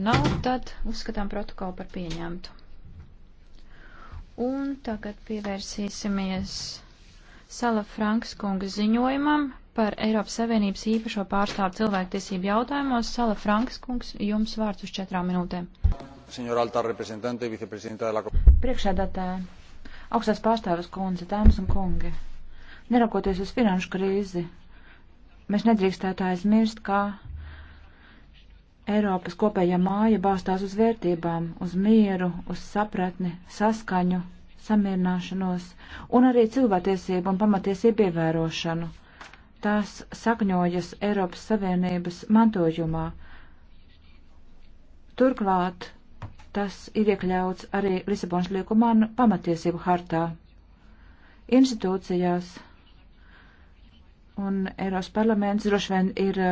nav, tad uzskatām protokolu par pieņemtu. Un tagad pievērsīsimies Sala Franks kunga ziņojumam par Eiropas Savienības īpašo pārstāvu cilvēktiesību jautājumos. Sala Franks kungs, jums vārds uz četrām minūtēm. La... Priekšēdētāja, augstās pārstāvis kundze, dāmas un kungi, neraugoties uz finanšu krīzi, mēs nedrīkstētu aizmirst, ka Eiropas kopējā māja balstās uz vērtībām, uz mieru, uz sapratni, saskaņu, samierināšanos un arī cilvēktiesību un pamatiesību ievērošanu. Tās sakņojas Eiropas Savienības mantojumā. Turklāt tas ir iekļauts arī Lisabonas līgumā un pamatiesību hartā. Institūcijās un Eiropas parlaments droši vien ir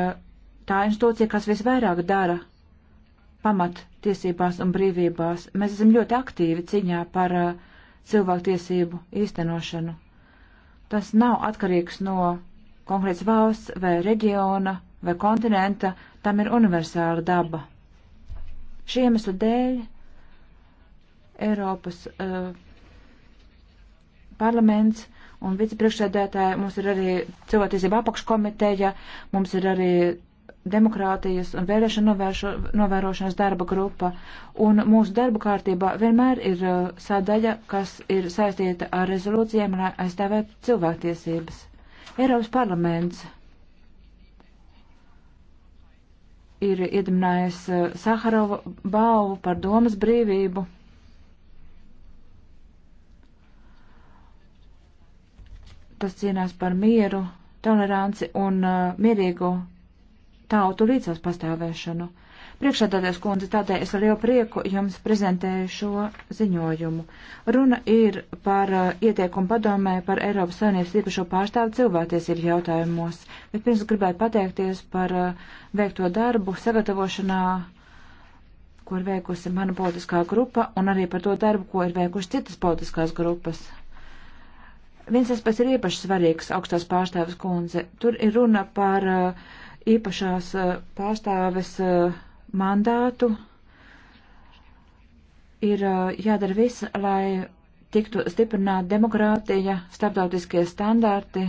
tā institūcija, kas visvairāk dara pamat tiesībās un brīvībās. Mēs esam ļoti aktīvi ciņā par uh, cilvēktiesību īstenošanu. Tas nav atkarīgs no konkrēts valsts vai reģiona vai kontinenta, tam ir universāla daba. Šī iemesla dēļ Eiropas uh, parlaments un vicepriekšsēdētāji, mums ir arī cilvēktiesība apakškomiteja, mums ir arī demokrātijas un vēlēšana novēršo, novērošanas darba grupa, un mūsu darba kārtībā vienmēr ir uh, sadaļa, kas ir saistīta ar rezolūcijiem, lai aizstāvētu cilvēktiesības. Eiropas parlaments ir iedimnājis uh, Saharova balvu par domas brīvību. Tas cīnās par mieru, toleranci un uh, mierīgu tautu līdzās pastāvēšanu. Priekšādātais kundze, tādēļ es ar lielu prieku jums prezentēju šo ziņojumu. Runa ir par uh, ieteikumu padomē par Eiropas Savienības īpašo pārstāvu cilvēktiesību jautājumos, bet pirms gribētu pateikties par uh, veikto darbu sagatavošanā, ko ir veikusi mana politiskā grupa, un arī par to darbu, ko ir veikuši citas politiskās grupas. Viens aspekts ir īpaši svarīgs augstās pārstāvis kundze. Tur ir runa par uh, īpašās eh, pārstāves eh, mandātu, ir eh, jādara viss, lai tiktu stiprināta demokrātija, starptautiskie standarti.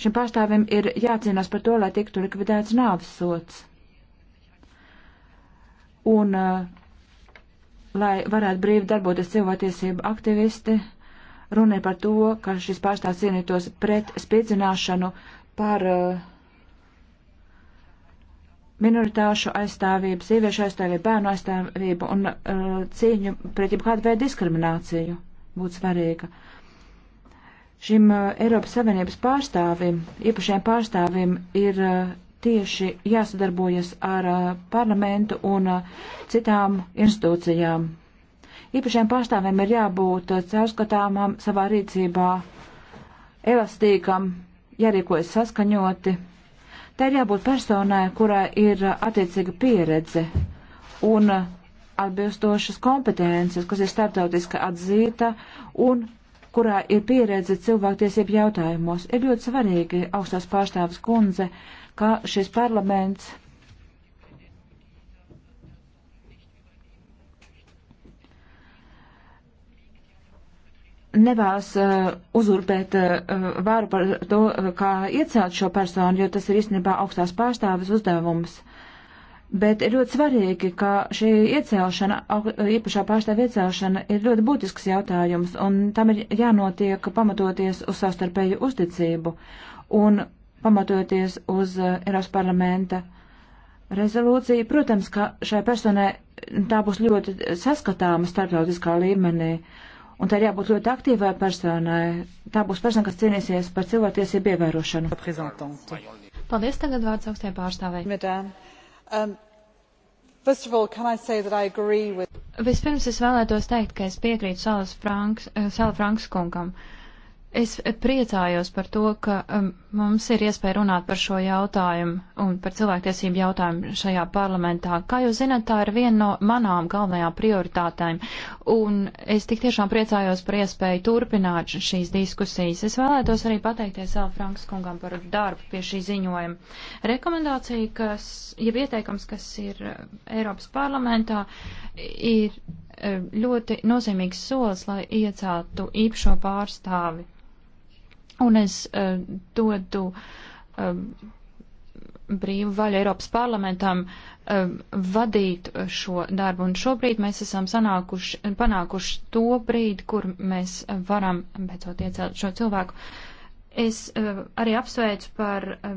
Šim pārstāvim ir jācīnās par to, lai tiktu likvidēts nāves sots. Un lai varētu brīvi darboties cilvēktiesību aktivisti, runa ir par to, ka šis pārstāvs cīnītos pret spīdzināšanu, uh, par eh, minoritāšu aizstāvību, sieviešu aizstāvību, bērnu aizstāvību un uh, cīņu pret jebkādu veidu diskrimināciju būtu svarīga. Šim uh, Eiropas Savienības pārstāvim, īpašiem pārstāvim ir uh, tieši jāsadarbojas ar uh, parlamentu un uh, citām institūcijām. Īpašiem pārstāvim ir jābūt uh, caurskatāmam savā rīcībā, elastīgam jārīkojas saskaņoti. Tā ir jābūt personai, kurai ir attiecīga pieredze un atbilstošas kompetences, kas ir starptautiski atzīta un kurā ir pieredze cilvēktiesību jautājumos. Ir ļoti svarīgi augstās pārstāvis kundze, ka šis parlaments nevēlas uh, uzurpēt uh, vāru par to, uh, kā iecelt šo personu, jo tas ir īstenībā augstās pārstāvis uzdevums. Bet ir ļoti svarīgi, ka šī iecelšana, īpašā pārstāvja iecelšana ir ļoti būtisks jautājums, un tam ir jānotiek pamatoties uz savstarpēju uzticību un pamatoties uz uh, Eiropas parlamenta rezolūciju. Protams, ka šai personai tā būs ļoti saskatāma starptautiskā līmenī. Uh, Un tā ir jābūt ļoti aktīvai personai. Tā būs persona, kas cīnīsies par cilvēktiesību ievērošanu. Paldies tagad vārds augstajai pārstāvēji. Um, with... Vispirms es vēlētos teikt, ka es piekrītu Salas Franks, eh, Sala Franks kungam. Uh, Es priecājos par to, ka um, mums ir iespēja runāt par šo jautājumu un par cilvēktiesību jautājumu šajā parlamentā. Kā jūs zināt, tā ir viena no manām galvenajām prioritātēm, un es tik tiešām priecājos par iespēju turpināt šīs diskusijas. Es vēlētos arī pateikties Al Franks kungam par darbu pie šī ziņojuma. Rekomendācija, kas, ja ieteikums, kas ir uh, Eiropas parlamentā, ir uh, ļoti nozīmīgs solis, lai ieceltu īpašo pārstāvi Un es uh, dodu uh, brīvu vaļu Eiropas parlamentam uh, vadīt šo darbu. Un šobrīd mēs esam sanākuši, panākuši to brīdi, kur mēs varam beidzot iecelt šo cilvēku. Es uh, arī apsveicu par uh,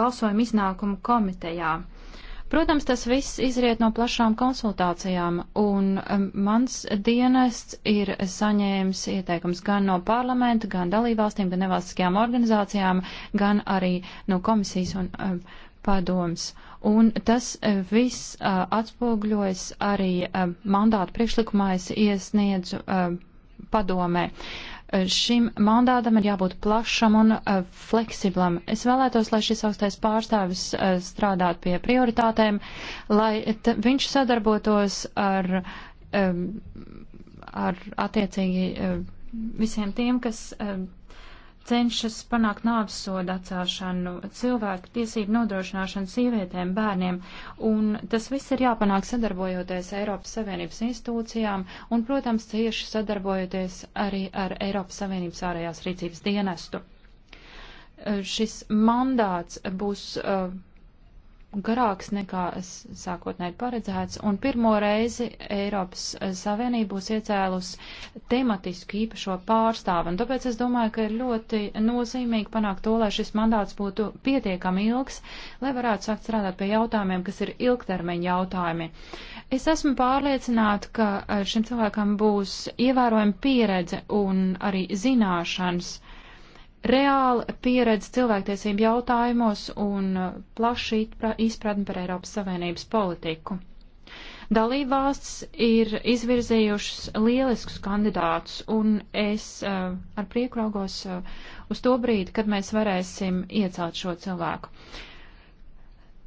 balsojumu iznākumu komitejā. Uh, Protams, tas viss izriet no plašām konsultācijām, un um, mans dienests ir saņēmis ieteikums gan no parlamenta, gan dalībvalstīm, gan nevalstiskajām organizācijām, gan arī no komisijas un um, padoms. Un tas uh, viss uh, atspogļojas arī uh, mandātu priekšlikumā es iesniedzu uh, padomē. Uh, Šim mandātam ir jābūt plašam un eh, fleksiblam. Es vēlētos, lai šis augstais pārstāvis eh, strādātu pie prioritātēm, lai viņš sadarbotos ar, ar attiecīgi eh, visiem tiem, kas cenšas panākt nāvis sodu atcelšanu, cilvēku tiesību nodrošināšanu sievietēm, bērniem, un tas viss ir jāpanāk sadarbojoties Eiropas Savienības institūcijām un, protams, cieši sadarbojoties arī ar Eiropas Savienības ārējās rīcības dienestu. Šis mandāts būs uh, garāks nekā sākotnēji paredzēts, un pirmo reizi Eiropas eh, Savienība būs iecēlus tematisku īpašo pārstāvu, un tāpēc es domāju, ka ir ļoti nozīmīgi panākt to, lai šis mandāts būtu pietiekami ilgs, lai varētu sākt strādāt pie jautājumiem, kas ir ilgtermiņa jautājumi. Es esmu pārliecināta, ka eh, šim cilvēkam būs ievērojama pieredze un arī zināšanas reāla pieredze cilvēktiesību jautājumos un uh, plaši izpratni par Eiropas Savienības politiku. Dalībvalsts ir izvirzījušas lieliskus kandidātus, un es uh, ar prieku raugos uh, uz to brīdi, kad mēs varēsim iecelt šo cilvēku.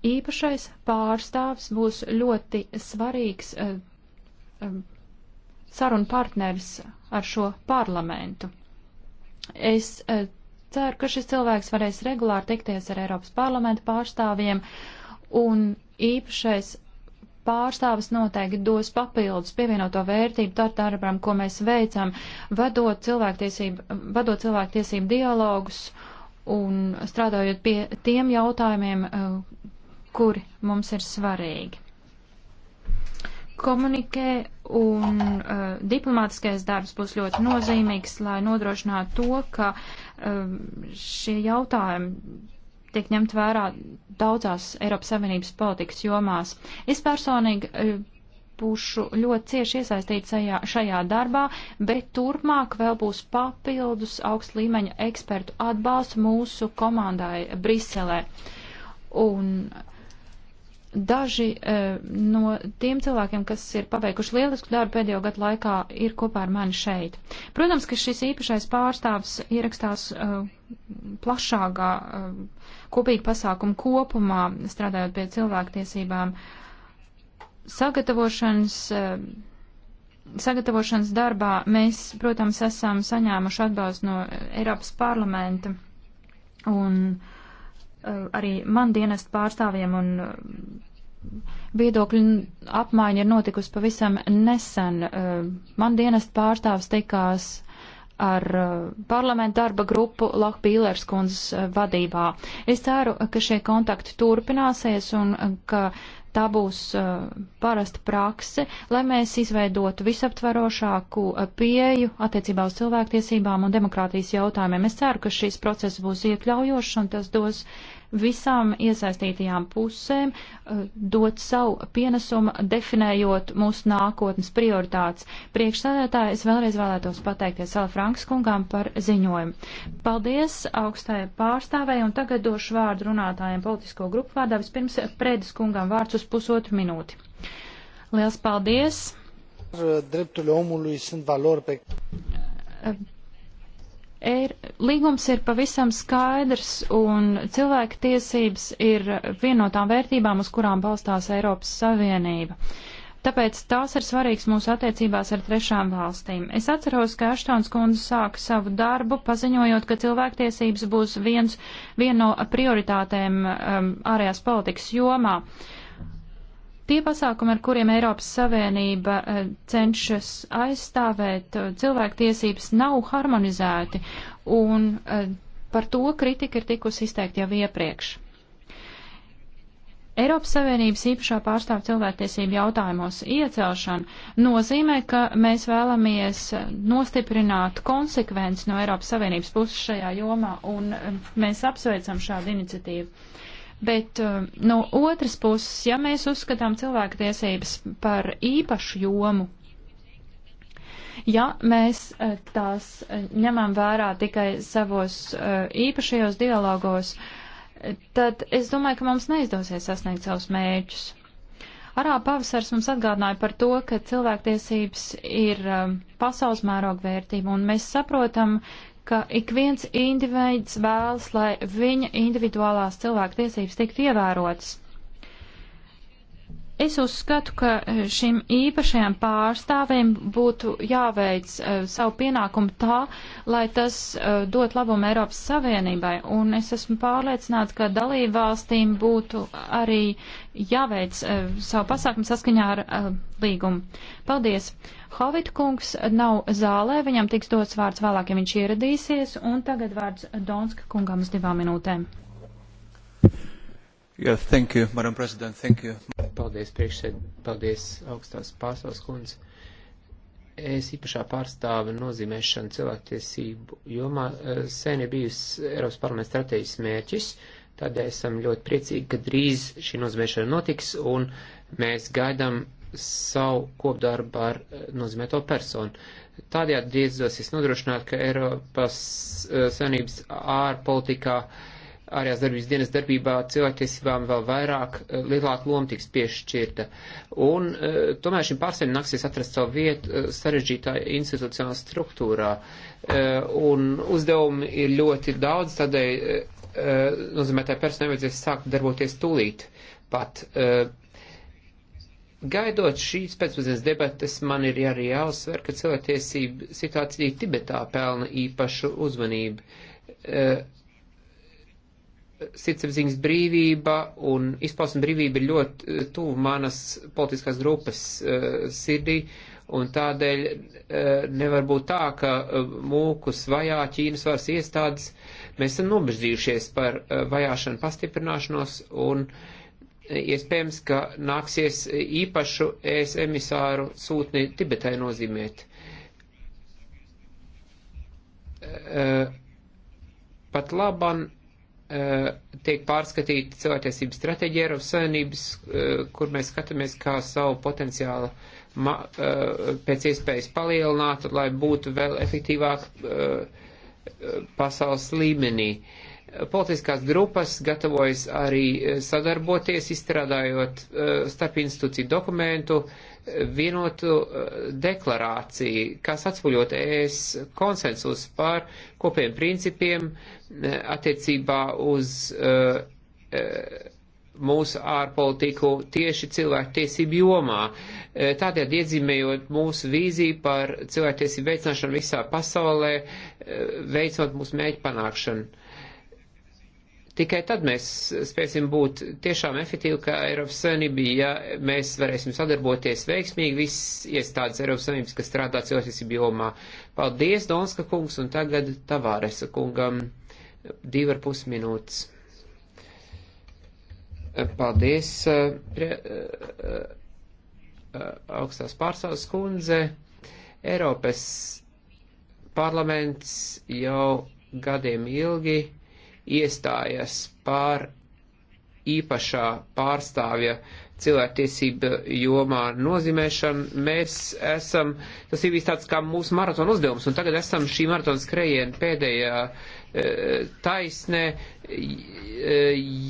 Īpašais pārstāvs būs ļoti svarīgs uh, um, sarunu partneris ar šo parlamentu. Es uh, ceru, ka šis cilvēks varēs regulāri tikties ar Eiropas parlamentu pārstāvjiem, un īpašais pārstāvis noteikti dos papildus pievienoto vērtību tā darbam, ko mēs veicam, vadot cilvēktiesību, vadot cilvēktiesību dialogus un strādājot pie tiem jautājumiem, eh, kuri mums ir svarīgi komunikē un uh, diplomātiskais darbs būs ļoti nozīmīgs, lai nodrošinātu to, ka um, šie jautājumi tiek ņemt vērā daudzās Eiropas Savienības politikas jomās. Es personīgi uh, būšu ļoti cieši iesaistīts šajā, šajā darbā, bet turpmāk vēl būs papildus augst līmeņa ekspertu atbalsts mūsu komandai Briselē. Un Daži uh, no tiem cilvēkiem, kas ir paveikuši lielisku darbu pēdējo gadu laikā, ir kopā ar mani šeit. Protams, ka šis īpašais pārstāvs ierakstās uh, plašākā uh, kopīga pasākuma kopumā, strādājot pie cilvēktiesībām, sagatavošanas. Uh, sagatavošanas darbā mēs, protams, esam saņēmuši atbalstu no Eiropas parlamenta un uh, arī man dienestu pārstāvjiem un uh, viedokļu apmaiņa ir notikusi pavisam nesen. Uh, man dienestu pārstāvs tikās ar uh, parlamentu darba grupu Lohpīlers kundzes vadībā. Es ceru, ka šie kontakti turpināsies un ka tā būs parasta prakse, lai mēs izveidotu visaptvarošāku pieju attiecībā uz cilvēktiesībām un demokrātijas jautājumiem. Es ceru, ka šīs process būs iekļaujošs un tas dos uh, visām iesaistītajām pusēm eh, dot savu pienesumu, definējot mūsu nākotnes prioritātes. Priekšsēdētāji, es vēlreiz vēlētos pateikties Sala Franks kungām par ziņojumu. Paldies augstajai pārstāvēji un tagad došu vārdu runātājiem politisko grupu vārdā. Vispirms Prēdis kungām vārds uz pusotru minūti. Liels paldies! Drepturile omului sunt valori pe eh, ir, līgums ir pavisam skaidrs un cilvēka tiesības ir viena no tām vērtībām, uz kurām balstās Eiropas Savienība. Tāpēc tās ir svarīgas mūsu attiecībās ar trešām valstīm. Es atceros, ka Aštons kundze sāka savu darbu, paziņojot, ka cilvēktiesības būs viens, viena no prioritātēm um, ārējās politikas jomā. Uh, Tie pasākumi, ar kuriem Eiropas Savienība eh, cenšas aizstāvēt eh, cilvēktiesības, nav harmonizēti, un eh, par to kritika ir tikusi izteikta jau iepriekš. Eiropas Savienības īpašā pārstāv cilvēktiesību jautājumos iecelšana nozīmē, ka mēs vēlamies nostiprināt konsekvenci no Eiropas Savienības puses šajā jomā, un mēs apsveicam šādu iniciatīvu. Bet eh, no otras puses, ja mēs uzskatām cilvēktiesības par īpašu jomu, ja mēs eh, tās eh, ņemam vērā tikai savos īpašajos dialogos, tad es domāju, ka mums neizdosies sasniegt savus mērķus. Arā pavasars mums atgādināja par to, ka cilvēktiesības ir pasaules mēroga vērtība, un mēs saprotam, ka ik viens individs vēlas, lai viņa individuālās cilvēku tiesības tiktu ievērotas. Es uzskatu, ka eh, šim īpašajam pārstāvim būtu jāveic uh, savu pienākumu tā, lai tas uh, dot labumu Eiropas Savienībai, un es esmu pārliecināts, ka dalību valstīm būtu arī jāveic uh, savu pasākumu saskaņā ar uh, līgumu. Paldies! Hovit kungs nav zālē, viņam tiks dots vārds vēlāk, ja viņš ieradīsies, un tagad vārds Donska kungam uz divām minūtēm. Yeah, thank you, Madam President, thank you. Paldies, priekšsēd, paldies, augstās pārstāvs kundze. Es īpašā pārstāva nozīmēšana cilvēktiesību jomā eh, sen ir bijusi Eiropas parlamenta strateģis mērķis, tādēļ esam ļoti priecīgi, ka drīz šī nozīmēšana notiks un mēs gaidām savu kopdarbu ar eh, nozīmēto personu. Tādējādi izdosies nodrošināt, ka Eiropas eh, Savienības ārpolitikā uh, ārējās darbības dienas darbībā cilvēktiesībām vēl vairāk, eh, lielāka loma tiks piešķirta. Un eh, tomēr šim pārstāvim nāksies atrast savu vietu eh, sarežģītā institucionālā struktūrā. Un uzdevumi ir ļoti daudz, tādēļ nozīmētāji personi nevajadzēs sākt darboties tūlīt pat. Gaidot šīs pēcpusdienas debates, man ir arī jāuzsver, ka cilvēktiesība situācija Tibetā pelna īpašu uzmanību sirdsapziņas brīvība un izpausme brīvība ir ļoti eh, tuvu manas politiskās grupas uh, sirdī, un tādēļ uh, nevar būt tā, ka uh, mūkus vajā Ķīnas varas iestādes. Mēs esam nobeždījušies par uh, vajāšanu pastiprināšanos, un iespējams, ka nāksies īpašu ES emisāru sūtni Tibetai nozīmēt. Uh, pat laban Eh, tiek pārskatīta cilvēktiesība stratēģija Eiropas Savienības, eh, kur mēs skatāmies, kā savu potenciālu ma, eh, pēc iespējas palielināt, lai būtu vēl efektīvāk pasaules līmenī. Uh, Politiskās grupas gatavojas arī e, sadarboties, izstrādājot e, starp institūciju dokumentu, e, vienotu deklarāciju, kas atspoļot ES konsensus par kopiem principiem attiecībā uz mūsu ārpolitiku tieši cilvēktiesību jomā, tādēļ iedzīmējot mūsu vīziju par cilvēktiesību veicināšanu visā pasaulē, veicot mūsu mēģi panākšanu. Tikai tad mēs spēsim būt tiešām efektīvi, kā Eiropas Savienība, ja mēs varēsim sadarboties veiksmīgi viss iestādes Eiropas Savienības, kas strādā cilvēcību jomā. Paldies, Donska kungs, un tagad Tavāresa kungam divi ar pus minūtes. Paldies, pre, augstās pārstāvs kundze. Eiropas parlaments jau gadiem ilgi iestājas pār īpašā pārstāvja cilvēktiesība jomā nozīmēšanu. Mēs esam, tas ir bijis tāds kā mūsu maratona uzdevums, un tagad esam šī maratona skrējiena pēdējā e, taisnē. E,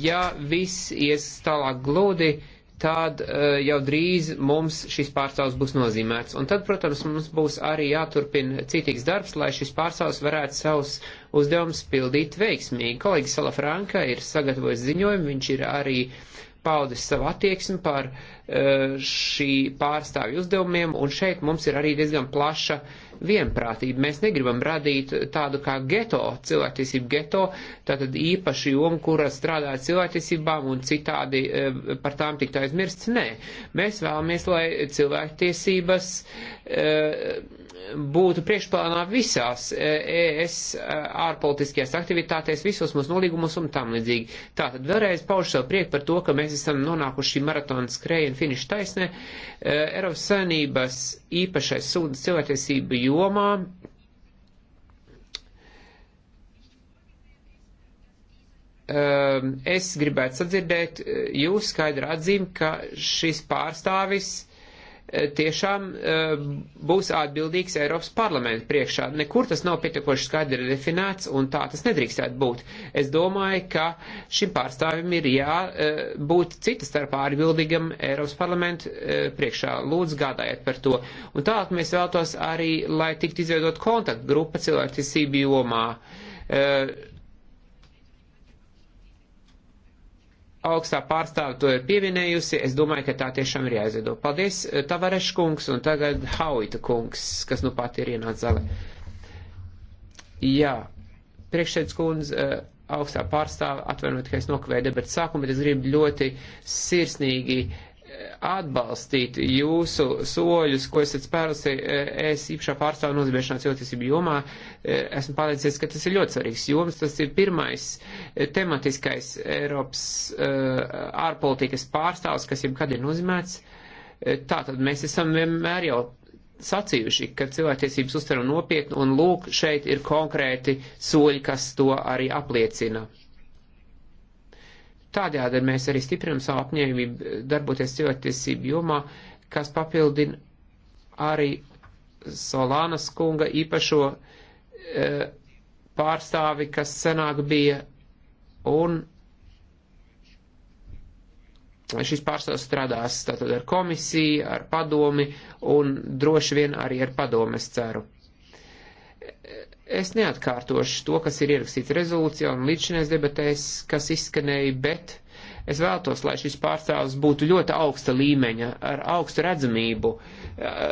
ja viss ies tālāk glūdi, e, tad uh, jau drīz mums šis pārstāvs būs nozīmēts. Un tad, protams, mums būs arī jāturpina citīgs darbs, lai šis pārstāvs varētu savus uzdevumus pildīt veiksmīgi. Kolēģis Salafranka ir sagatavojis ziņojumu, viņš ir arī uh, paudis savu attieksmi par e, šī pārstāvju uzdevumiem, un šeit mums ir arī diezgan plaša vienprātība. Mēs negribam radīt tādu kā geto, cilvēktiesību geto, tātad īpaši jomu, kura strādā ar cilvēktiesībām un citādi e, par tām tiktu aizmirsts. Nē, mēs vēlamies, lai cilvēktiesības. Uh, būtu priekšplānā visās ES e e, ārpolitiskajās aktivitātēs, visos mūsu nolīgumos un tam līdzīgi. Tātad vēlreiz pauž savu prieku par to, ka mēs esam nonākuši maratona skrējienu finišu taisnē. E, Eiropas saimnības īpašais sūdzes cilvēktiesību jomā es gribētu sadzirdēt, jūs skaidri atzīm, ka šis pārstāvis Eh, tiešām eh, būs atbildīgs Eiropas parlamenta priekšā. Nekur tas nav pietiekoši skaidri definēts, un tā tas nedrīkstētu būt. Es domāju, ka šim pārstāvim ir jābūt eh, cita starpā atbildīgam Eiropas parlamenta priekšā. Lūdzu, gādājiet par to. Un tālāk mēs vēlētos arī, lai tiktu izveidot kontaktgrupa cilvēktiesību jomā augstā pārstāve to ir pieminējusi, es domāju, ka tā tiešām ir jāizveido. Paldies, eh, Tavareš kungs un tagad Hauita kungs, kas nu pat ir ienācis zālē. Jā, priekšsēdz kundze, eh, augstā pārstāve, atvainojiet, ka es nokavēju debatu sākumu, bet es gribu ļoti sirsnīgi uh, atbalstīt jūsu soļus, ko esat spērusi eh, es īpašā pārstāvu nozīmēšanās jūtīsību jomā. Eh, esmu pārliecināts, ka tas ir ļoti svarīgs joms. Tas ir pirmais eh, tematiskais Eiropas ārpolitikas pārstāvs, kas jebkad ir nozīmēts. Tātad mēs esam vienmēr jau sacījuši, ka cilvēktiesības uztver nopietni, un lūk, šeit ir konkrēti soļi, kas to arī apliecina. Tādējādi mēs arī stiprinām savu apņēmību eh, darboties cilvēktiesību jomā, kas papildina arī Solānas kunga īpašo e, pārstāvi, kas senāk bija, un šis pārstāvs strādās tātad ar komisiju, ar padomi, un droši vien arī ar padomes ceru. E, Es neatkārtošu to, kas ir ierakstīts rezolūcijā un līdzinēs debatēs, kas izskanēja, bet es vēlos, lai šis pārstāvs būtu ļoti augsta līmeņa, ar augstu redzamību, eh,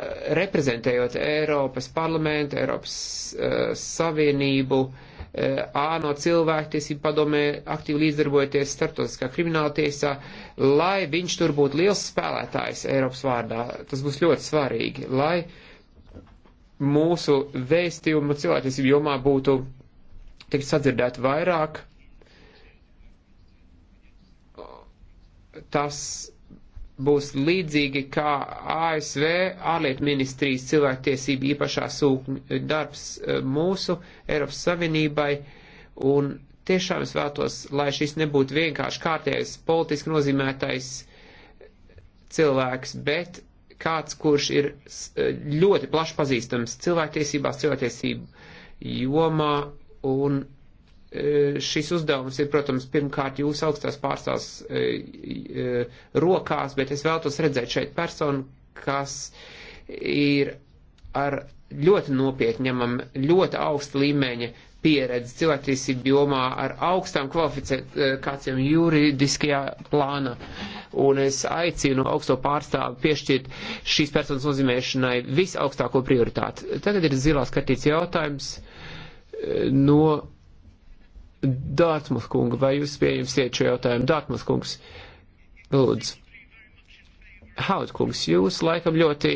reprezentējot Eiropas parlamentu, Eiropas uh, Savienību, uh, eh, āno cilvēktiesību padomē, aktīvi līdzdarbojoties starptautiskā krimināla tiesā, lai viņš tur būtu liels spēlētājs Eiropas vārdā. Tas būs ļoti svarīgi, lai uh, mūsu vēstījumu cilvēktiesību jomā būtu tikt sadzirdēt vairāk, tas būs līdzīgi kā ASV ārlietu ministrijas cilvēktiesība īpašā sūkņa darbs eh, mūsu Eiropas Savienībai, un tiešām es vētos, lai šis nebūtu vienkārši kārtējais politiski nozīmētais cilvēks, bet kāds, kurš ir eh, ļoti plaši pazīstams cilvēktiesībās, cilvēktiesību jomā, un eh, šis uzdevums ir, protams, pirmkārt jūs augstās pārstās eh, rokās, bet es vēlos redzēt šeit personu, kas ir ar ļoti nopietņamam, ļoti augsta līmeņa pieredzi cilvēktiesību jomā ar augstām kvalifikācijām juridiskajā plānā. Un es aicinu augsto pārstāvu piešķirt šīs personas nozīmēšanai visaugstāko prioritāti. Tagad ir zilās kartīts jautājums eh, no Dārtmas kunga. Vai jūs pieņemsiet šo jautājumu? Dārtmas kungs, lūdzu. Haut kungs, jūs laikam ļoti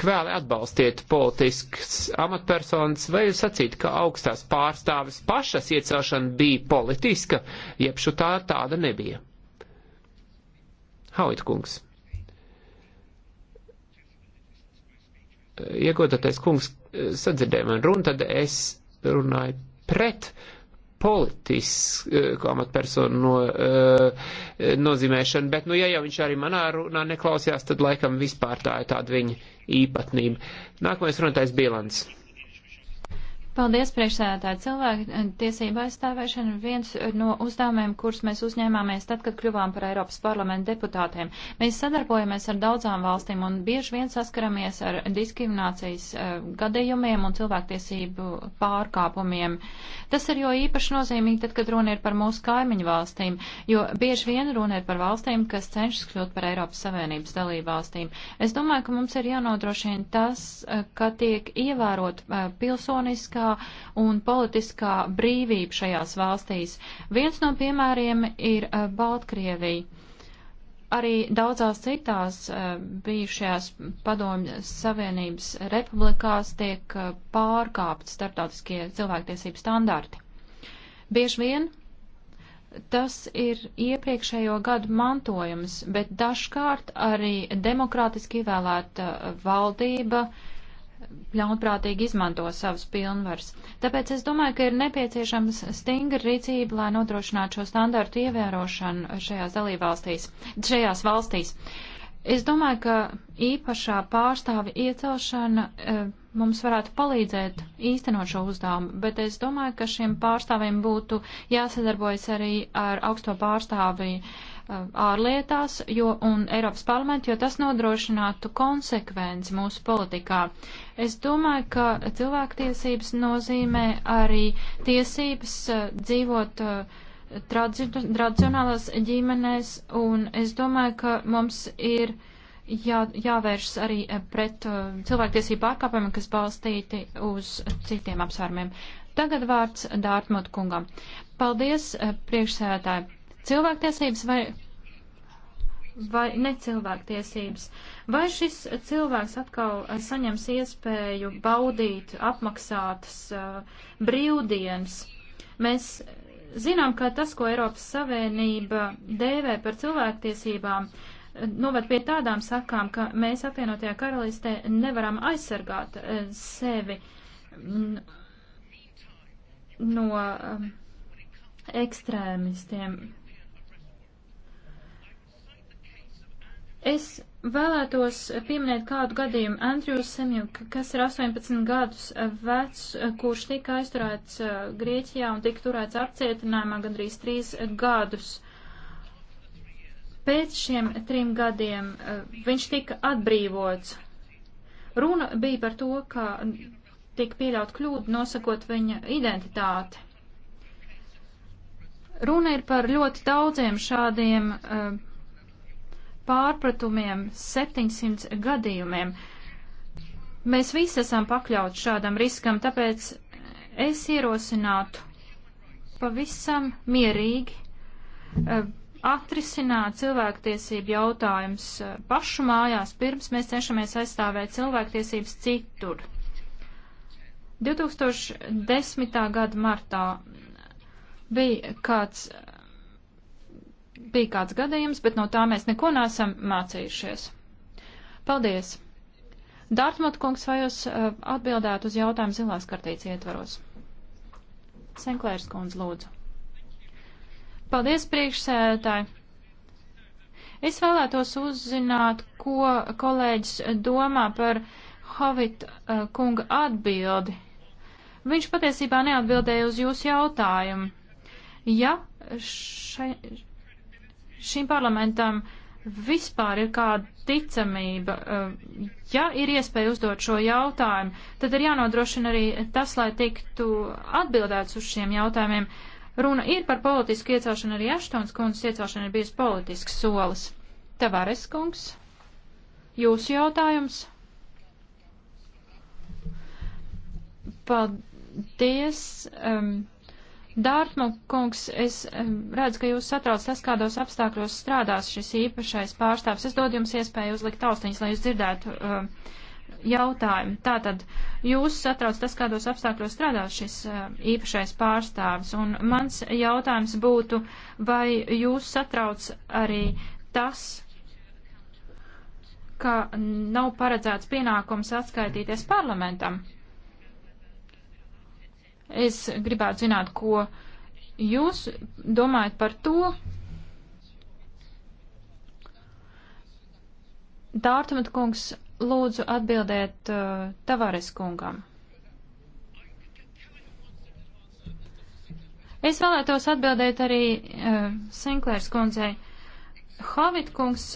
kvēli atbalstiet politisks amatpersonas, vai jūs sacīt, ka augstās pārstāvis pašas iecelšana bija politiska, jeb šo tā tāda nebija? Hauit kungs. Iegodoties kungs sadzirdēja man runu, tad es runāju pret uh, politisku amatpersonu eh, no, eh, nozīmēšanu, bet, nu, ja jau viņš arī manā runā neklausījās, tad laikam vispār tā ir tāda viņa īpatnība. Nākamais runātais bilans. Paldies, priekšsēdētāji. Cilvēku eh, tiesība aizstāvēšana ir viens no uzdevumiem, kurus mēs uzņēmāmies tad, kad kļuvām par Eiropas parlamenta deputātiem. Mēs sadarbojamies ar daudzām valstīm un bieži vien saskaramies ar diskriminācijas uh, gadījumiem un cilvēktiesību pārkāpumiem. Tas ir jo īpaši nozīmīgi tad, kad runa ir par mūsu kaimiņu valstīm, jo bieži vien runa ir par valstīm, kas cenšas kļūt par Eiropas Savienības dalību valstīm. Es domāju, ka mums ir jānodrošina tas, eh, ka tiek ievērot uh, pilsoniskā ekonomiskā un politiskā brīvība šajās valstīs. Viens no piemēriem ir eh, Baltkrievija. Arī daudzās citās eh, bijušajās padomju savienības republikās tiek eh, pārkāpt starptautiskie cilvēktiesību standarti. Bieži vien tas ir iepriekšējo gadu mantojums, bet dažkārt arī demokrātiski ievēlēta valdība uh, ļaunprātīgi izmanto savas pilnvaras. Tāpēc es domāju, ka ir nepieciešams stingra rīcība, lai nodrošinātu šo standartu ievērošanu šajās dalībvalstīs, šajās valstīs. Es domāju, ka īpašā pārstāvi iecelšana e, mums varētu palīdzēt īstenot šo uzdevumu, bet es domāju, ka šiem pārstāvim būtu jāsadarbojas arī ar augsto pārstāvi uh, ārlietās jo, un Eiropas parlamentu, jo tas nodrošinātu konsekvenci mūsu politikā. Es domāju, ka cilvēktiesības nozīmē arī tiesības eh, dzīvot eh, tradici tradicionālās ģimenēs, un es domāju, ka mums ir jā, jāvēršas arī eh, pret cilvēktiesību pārkāpumiem, kas balstīti uz citiem apsvērumiem. Tagad vārds Dārtmut kungam. Paldies, priekšsēdētāji cilvēktiesības vai, vai necilvēktiesības. Vai šis cilvēks atkal eh, saņems iespēju baudīt apmaksātas uh, brīvdienas? Mēs zinām, ka tas, ko Eiropas Savienība dēvē par cilvēktiesībām, eh, novad pie tādām sakām, ka mēs apvienotajā karalistē nevaram aizsargāt sevi mm, no ekstrēmistiem. Es vēlētos pieminēt kādu gadījumu Andriju Semju, kas ir 18 gadus vecs, kurš tika aizturēts uh, Grieķijā un tika turēts apcietinājumā gandrīz 3 gadus. Pēc šiem trim gadiem uh, viņš tika atbrīvots. Runa bija par to, ka tika pieļaut kļūdu nosakot viņa identitāti. Runa ir par ļoti daudziem šādiem uh, pārpratumiem, 700 gadījumiem. Mēs visi esam pakļauti šādam riskam, tāpēc es ierosinātu pavisam mierīgi eh, atrisināt cilvēktiesību jautājums eh, pašu mājās, pirms mēs cenšamies aizstāvēt cilvēktiesības citur. 2010. gada martā bija kāds bija kāds gadījums, bet no tā mēs neko nesam mācījušies. Paldies! Dārtmut kungs, vai jūs uh, atbildētu uz jautājumu zilās kartītes ietvaros? Senklērs kundz, lūdzu. Paldies, priekšsēdētāji! Es vēlētos uzzināt, ko kolēģis domā par Hovita uh, kunga atbildi. Viņš patiesībā neatbildēja uz jūsu jautājumu. Ja šai, šim parlamentam vispār ir kāda ticamība. Eh, ja ir iespēja uzdot šo jautājumu, tad ir jānodrošina arī tas, lai tiktu atbildēts uz šiem jautājumiem. Runa ir par politisku iecelšanu, arī Aštons kundzes iecelšana ir bijis politisks solis. Tavares kungs, jūsu jautājums? Paldies. Um, Dārtmu kungs, es redzu, ka jūs satrauc tas, kādos apstākļos strādās šis īpašais pārstāvs. Es dodu jums iespēju uzlikt austiņas, lai jūs dzirdētu uh, jautājumu. Tātad, jūs satrauc tas, kādos apstākļos strādās šis uh, īpašais pārstāvs. Un mans jautājums būtu, vai jūs satrauc arī tas, ka nav paredzēts pienākums atskaitīties parlamentam. Es gribētu zināt, ko jūs domājat par to. Dārtamat kungs, lūdzu atbildēt uh, Tavares kungam. Es vēlētos atbildēt arī uh, Sinklērs kundzei. Havit kungs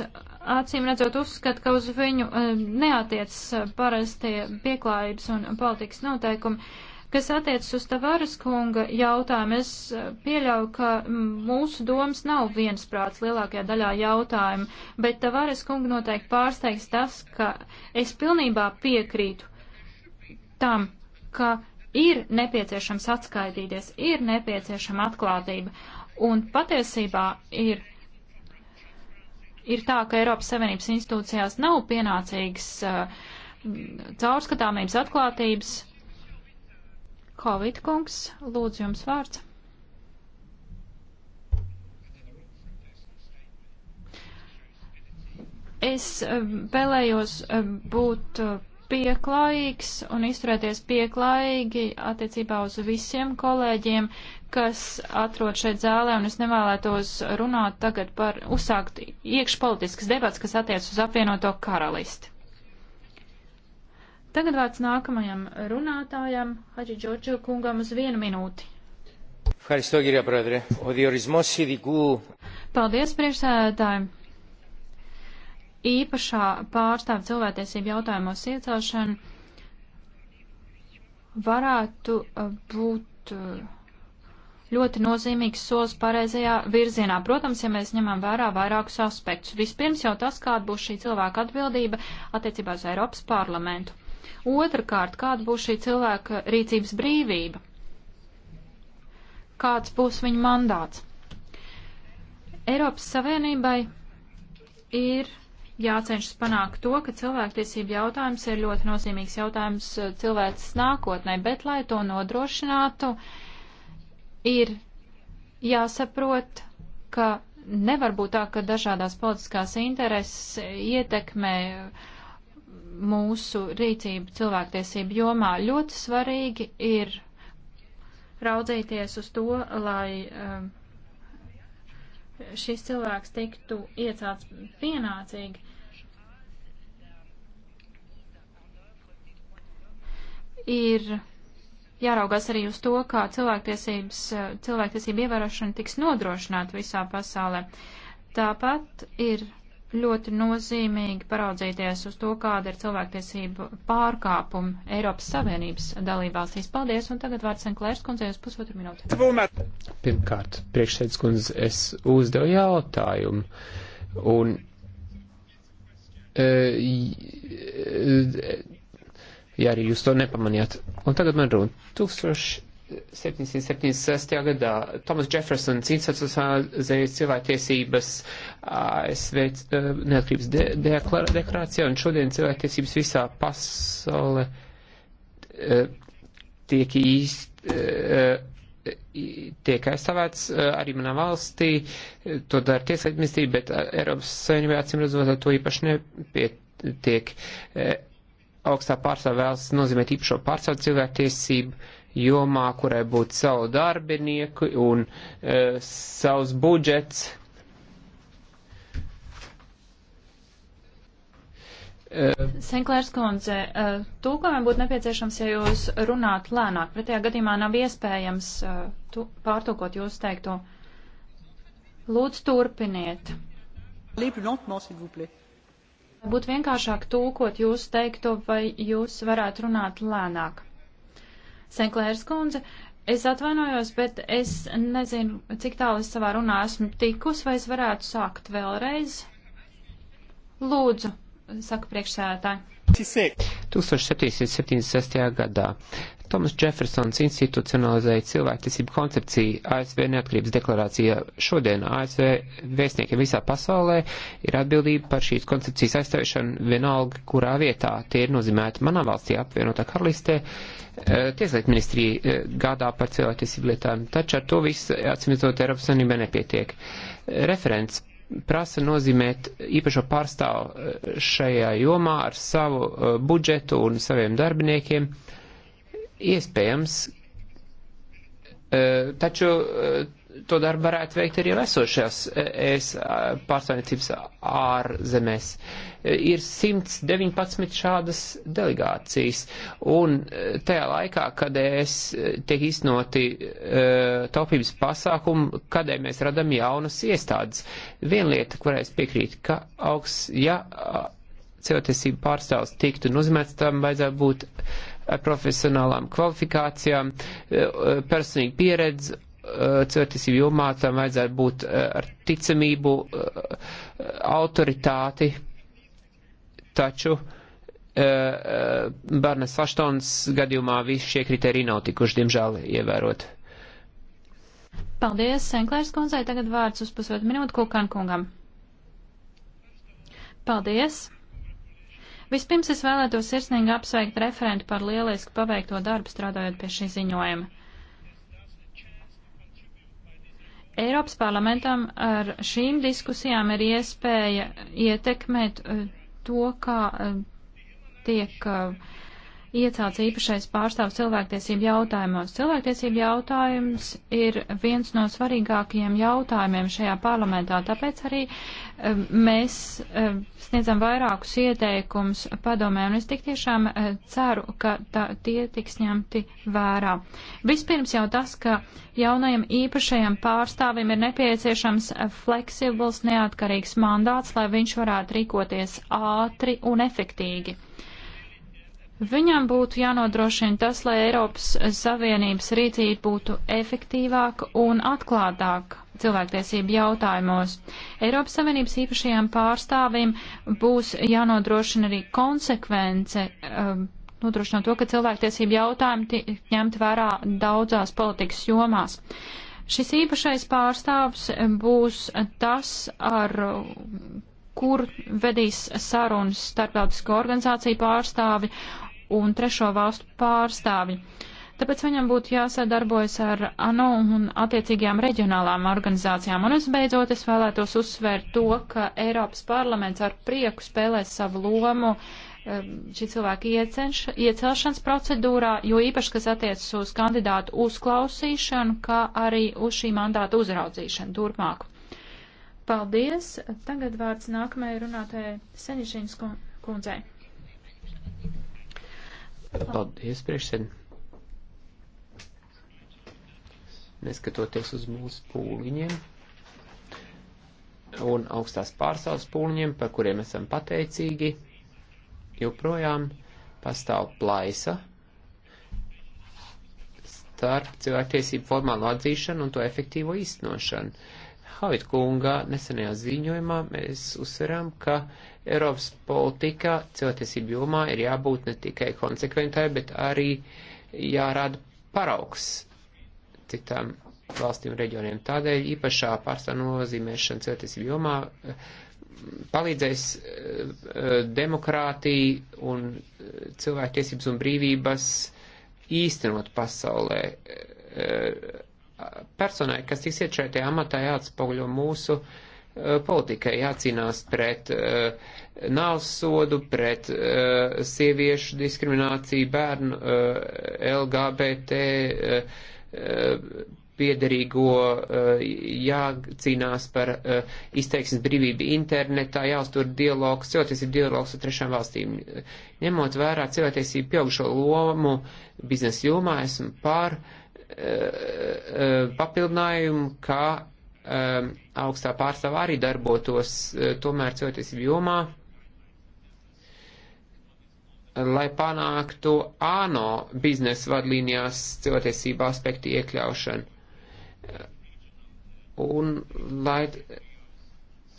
acīm redzot uzskata, ka uz viņu uh, neatiec uh, parastie pieklājības un politikas noteikumi. Uh, Kas attiecas uz Tavares kunga jautājumu, es eh, pieļauju, ka mūsu domas nav viensprāts lielākajā daļā jautājumu, bet Tavares kunga noteikti pārsteigs tas, ka es pilnībā piekrītu tam, ka ir nepieciešams atskaitīties, ir nepieciešama atklātība, un patiesībā ir ir tā, ka Eiropas Savienības institūcijās nav pienācīgas uh, caurskatāmības atklātības, Covid kungs, lūdzu jums vārds. es eh, vēlējos eh, būt eh, pieklājīgs un izturēties pieklājīgi attiecībā uz visiem kolēģiem, kas atrod šeit zālē, un es nevēlētos runāt tagad par uzsākt iekšpolitiskas debats, kas attiec uz apvienoto karalisti. Tagad vārds nākamajam runātājam, Haģi Džordžu kungam uz vienu minūti. Paldies, priekšsēdētāji! Īpašā pārstāv cilvēktiesību jautājumos iecelšana varētu uh, būt uh, ļoti nozīmīgs solis pareizajā virzienā. Protams, ja mēs ņemam vērā vairākus aspektus. Vispirms jau tas, kāda būs šī cilvēka atbildība attiecībā uz Eiropas parlamentu. Otrakārt, kāda būs šī cilvēka rīcības brīvība? Kāds būs viņa mandāts? Eiropas Savienībai ir jācenšas panākt to, ka cilvēktiesība jautājums ir ļoti nozīmīgs jautājums uh, cilvēces nākotnē, bet, lai to nodrošinātu, ir jāsaprot, ka nevar būt tā, ka dažādās politiskās intereses ietekmē uh, mūsu rīcību cilvēktiesību jomā. Ļoti svarīgi ir raudzīties uz to, lai um, šis cilvēks tiktu iecāts pienācīgi. Ir jāraugās arī uz to, kā cilvēktiesības, cilvēktiesība ievērošana tiks nodrošināta visā pasaulē. Tāpat ir ļoti nozīmīgi paraudzīties uz to, kāda ir cilvēktiesību pārkāpuma Eiropas Savienības dalībvalstīs. Paldies, un tagad vārds Senklērs kundze uz pusotru minūti. Pirmkārt, priekšsēdus kundze, es uzdevu jautājumu, un e, e ja arī jūs to nepamanījāt, un tagad man runa 1000. 776. gadā Thomas Jefferson institucionalizēja cilvēktiesības ASV uh, neatkarības de deklar deklarācijā, un šodien cilvēktiesības visā pasaulē uh, tiek īst, uh, tiek aizstāvēts arī manā valstī, to dara tiesaidmistība, bet Eiropas Savienībā acīm redzot, to īpaši nepietiek. Augstā pārstāvēlas nozīmē īpašo pārstāvu cilvēktiesību jomā, kurai būtu savu darbinieku un e, savs budžets. E, Senklērs kundze, e, tūkojumam būtu nepieciešams, ja jūs runātu lēnāk, pretējā gadījumā nav iespējams e, tu, pārtūkot jūsu teikto. Lūdzu, turpiniet. Būtu vienkāršāk tūkot jūsu teikto, vai jūs varētu runāt lēnāk. Senklērs kundze, es atvainojos, bet es nezinu, cik tālu es savā runā esmu tikus, vai es varētu sākt vēlreiz. Lūdzu, saka priekšsēdētāji. 1776. gadā Tomas Jeffersons institucionalizēja cilvēktiesību koncepciju ASV neatkarības deklarācijā. Šodien ASV vēstniekiem visā pasaulē ir atbildība par šīs koncepcijas aizstāviešanu vienalga, kurā vietā tie ir nozīmēti manā valstī apvienotā karalistē. Eh, Tieslietu ministrija eh, gādā par cilvēktiesību lietām, taču ar to viss, atsimizot, Eiropas Savienībā nepietiek. Referents prasa nozīmēt īpašo pārstāvu eh, šajā jomā ar savu eh, budžetu un saviem darbiniekiem. Iespējams, eh, taču to darbu varētu veikt arī esošajās e, ES pārstāvniecības ārzemēs. E, ir 119 šādas delegācijas, un e, tajā laikā, kad ES tiek iznoti taupības pasākumi, kādēļ mēs radam jaunas iestādes. Viena lieta, kurai es piekrītu, ka augsts, ja cilvēktiesību pārstāvs tiktu nozīmēts, tam vajadzētu būt profesionālām kvalifikācijām, personīgi pieredzi Eh, cilvēktiesību jomā tam vajadzētu būt eh, ar ticamību, eh, autoritāti, taču Barnes Aštons gadījumā visi šie kriteriji nav tikuši, diemžēl, ievērot. Paldies, Senklērs kundzei. Tagad vārds uz pusotru minūtu Kukan kungam. Paldies! Vispirms es vēlētos sirsnīgi apsveikt referentu par lielisku paveikto darbu strādājot pie šī ziņojuma. Eiropas parlamentam ar šīm diskusijām ir iespēja ietekmēt eh, to, kā eh, tiek uh, iecelts īpašais pārstāvs cilvēktiesību jautājumos. Cilvēktiesību jautājums ir viens no svarīgākajiem jautājumiem šajā parlamentā, tāpēc arī eh, mēs eh, sniedzam vairākus ieteikumus padomē, un es tik tiešām eh, ceru, ka tā, tie tiks ņemti vērā. Vispirms jau tas, ka jaunajam īpašajam pārstāvim ir nepieciešams fleksibls, neatkarīgs mandāts, lai viņš varētu rīkoties ātri un efektīgi. Viņam būtu jānodrošina tas, lai Eiropas Savienības rīcība būtu efektīvāka un atklātāka cilvēktiesību jautājumos. Eiropas Savienības īpašajām pārstāvim būs jānodrošina arī konsekvence, um, nodrošinot to, ka cilvēktiesību jautājumi tiek ņemt vērā daudzās politikas jomās. Šis īpašais pārstāvs būs tas, ar kur vedīs sarunas starptautisko organizāciju pārstāvi un trešo valstu pārstāvji. Tāpēc viņam būtu jāsadarbojas ar ANO un attiecīgajām reģionālām organizācijām. Un visbeidzot, es, es vēlētos uzsvērt to, ka Eiropas parlaments ar prieku spēlēs savu lomu eh, šī cilvēka iecenš, iecelšanas procedūrā, jo īpaši, kas attiecas uz kandidātu uzklausīšanu, kā arī uz šī mandāta uzraudzīšanu turpmāk. Paldies! Tagad vārds nākamajai runātājai Senišīnas kundzei. Paldies, priekšsēdētāji! Neskatoties uz mūsu pūliņiem un augstās pārstāvs pūliņiem, par kuriem esam pateicīgi, joprojām pastāv plaisa starp cilvēktiesību formālu atzīšanu un to efektīvo īstenošanu. Havit kungā nesenajā ziņojumā mēs uzsveram, ka Eiropas politikā cilvēktiesību jomā ir jābūt ne tikai konsekventai, bet arī jārāda paraugs citām valstīm reģioniem. Tādēļ īpašā pārstāv nozīmēšana cilvēktiesību jomā eh, palīdzēs eh, eh, demokrātiju un cilvēktiesības un brīvības īstenot pasaulē personai, kas tiks iečai tajā amatā, jāatspoguļo mūsu eh, politikai, jācīnās pret eh, nāvs sodu, pret eh, sieviešu diskrimināciju, bērnu, LGBT piederīgo, jācīnās par izteiksmes brīvību internetā, jāuztur dialogs, cilvēktiesību dialogs ar trešām valstīm. Ņemot vērā cilvēktiesību pieaugušo lomu biznesa jomā, esmu pār uh, Eh, eh, papildinājumu, ka eh, augstā pārstāvā arī darbotos tomēr cilvēktiesību jomā, lai panāktu ANO biznesa vadlīnijās cilvēktiesību aspektu iekļaušanu. Un lai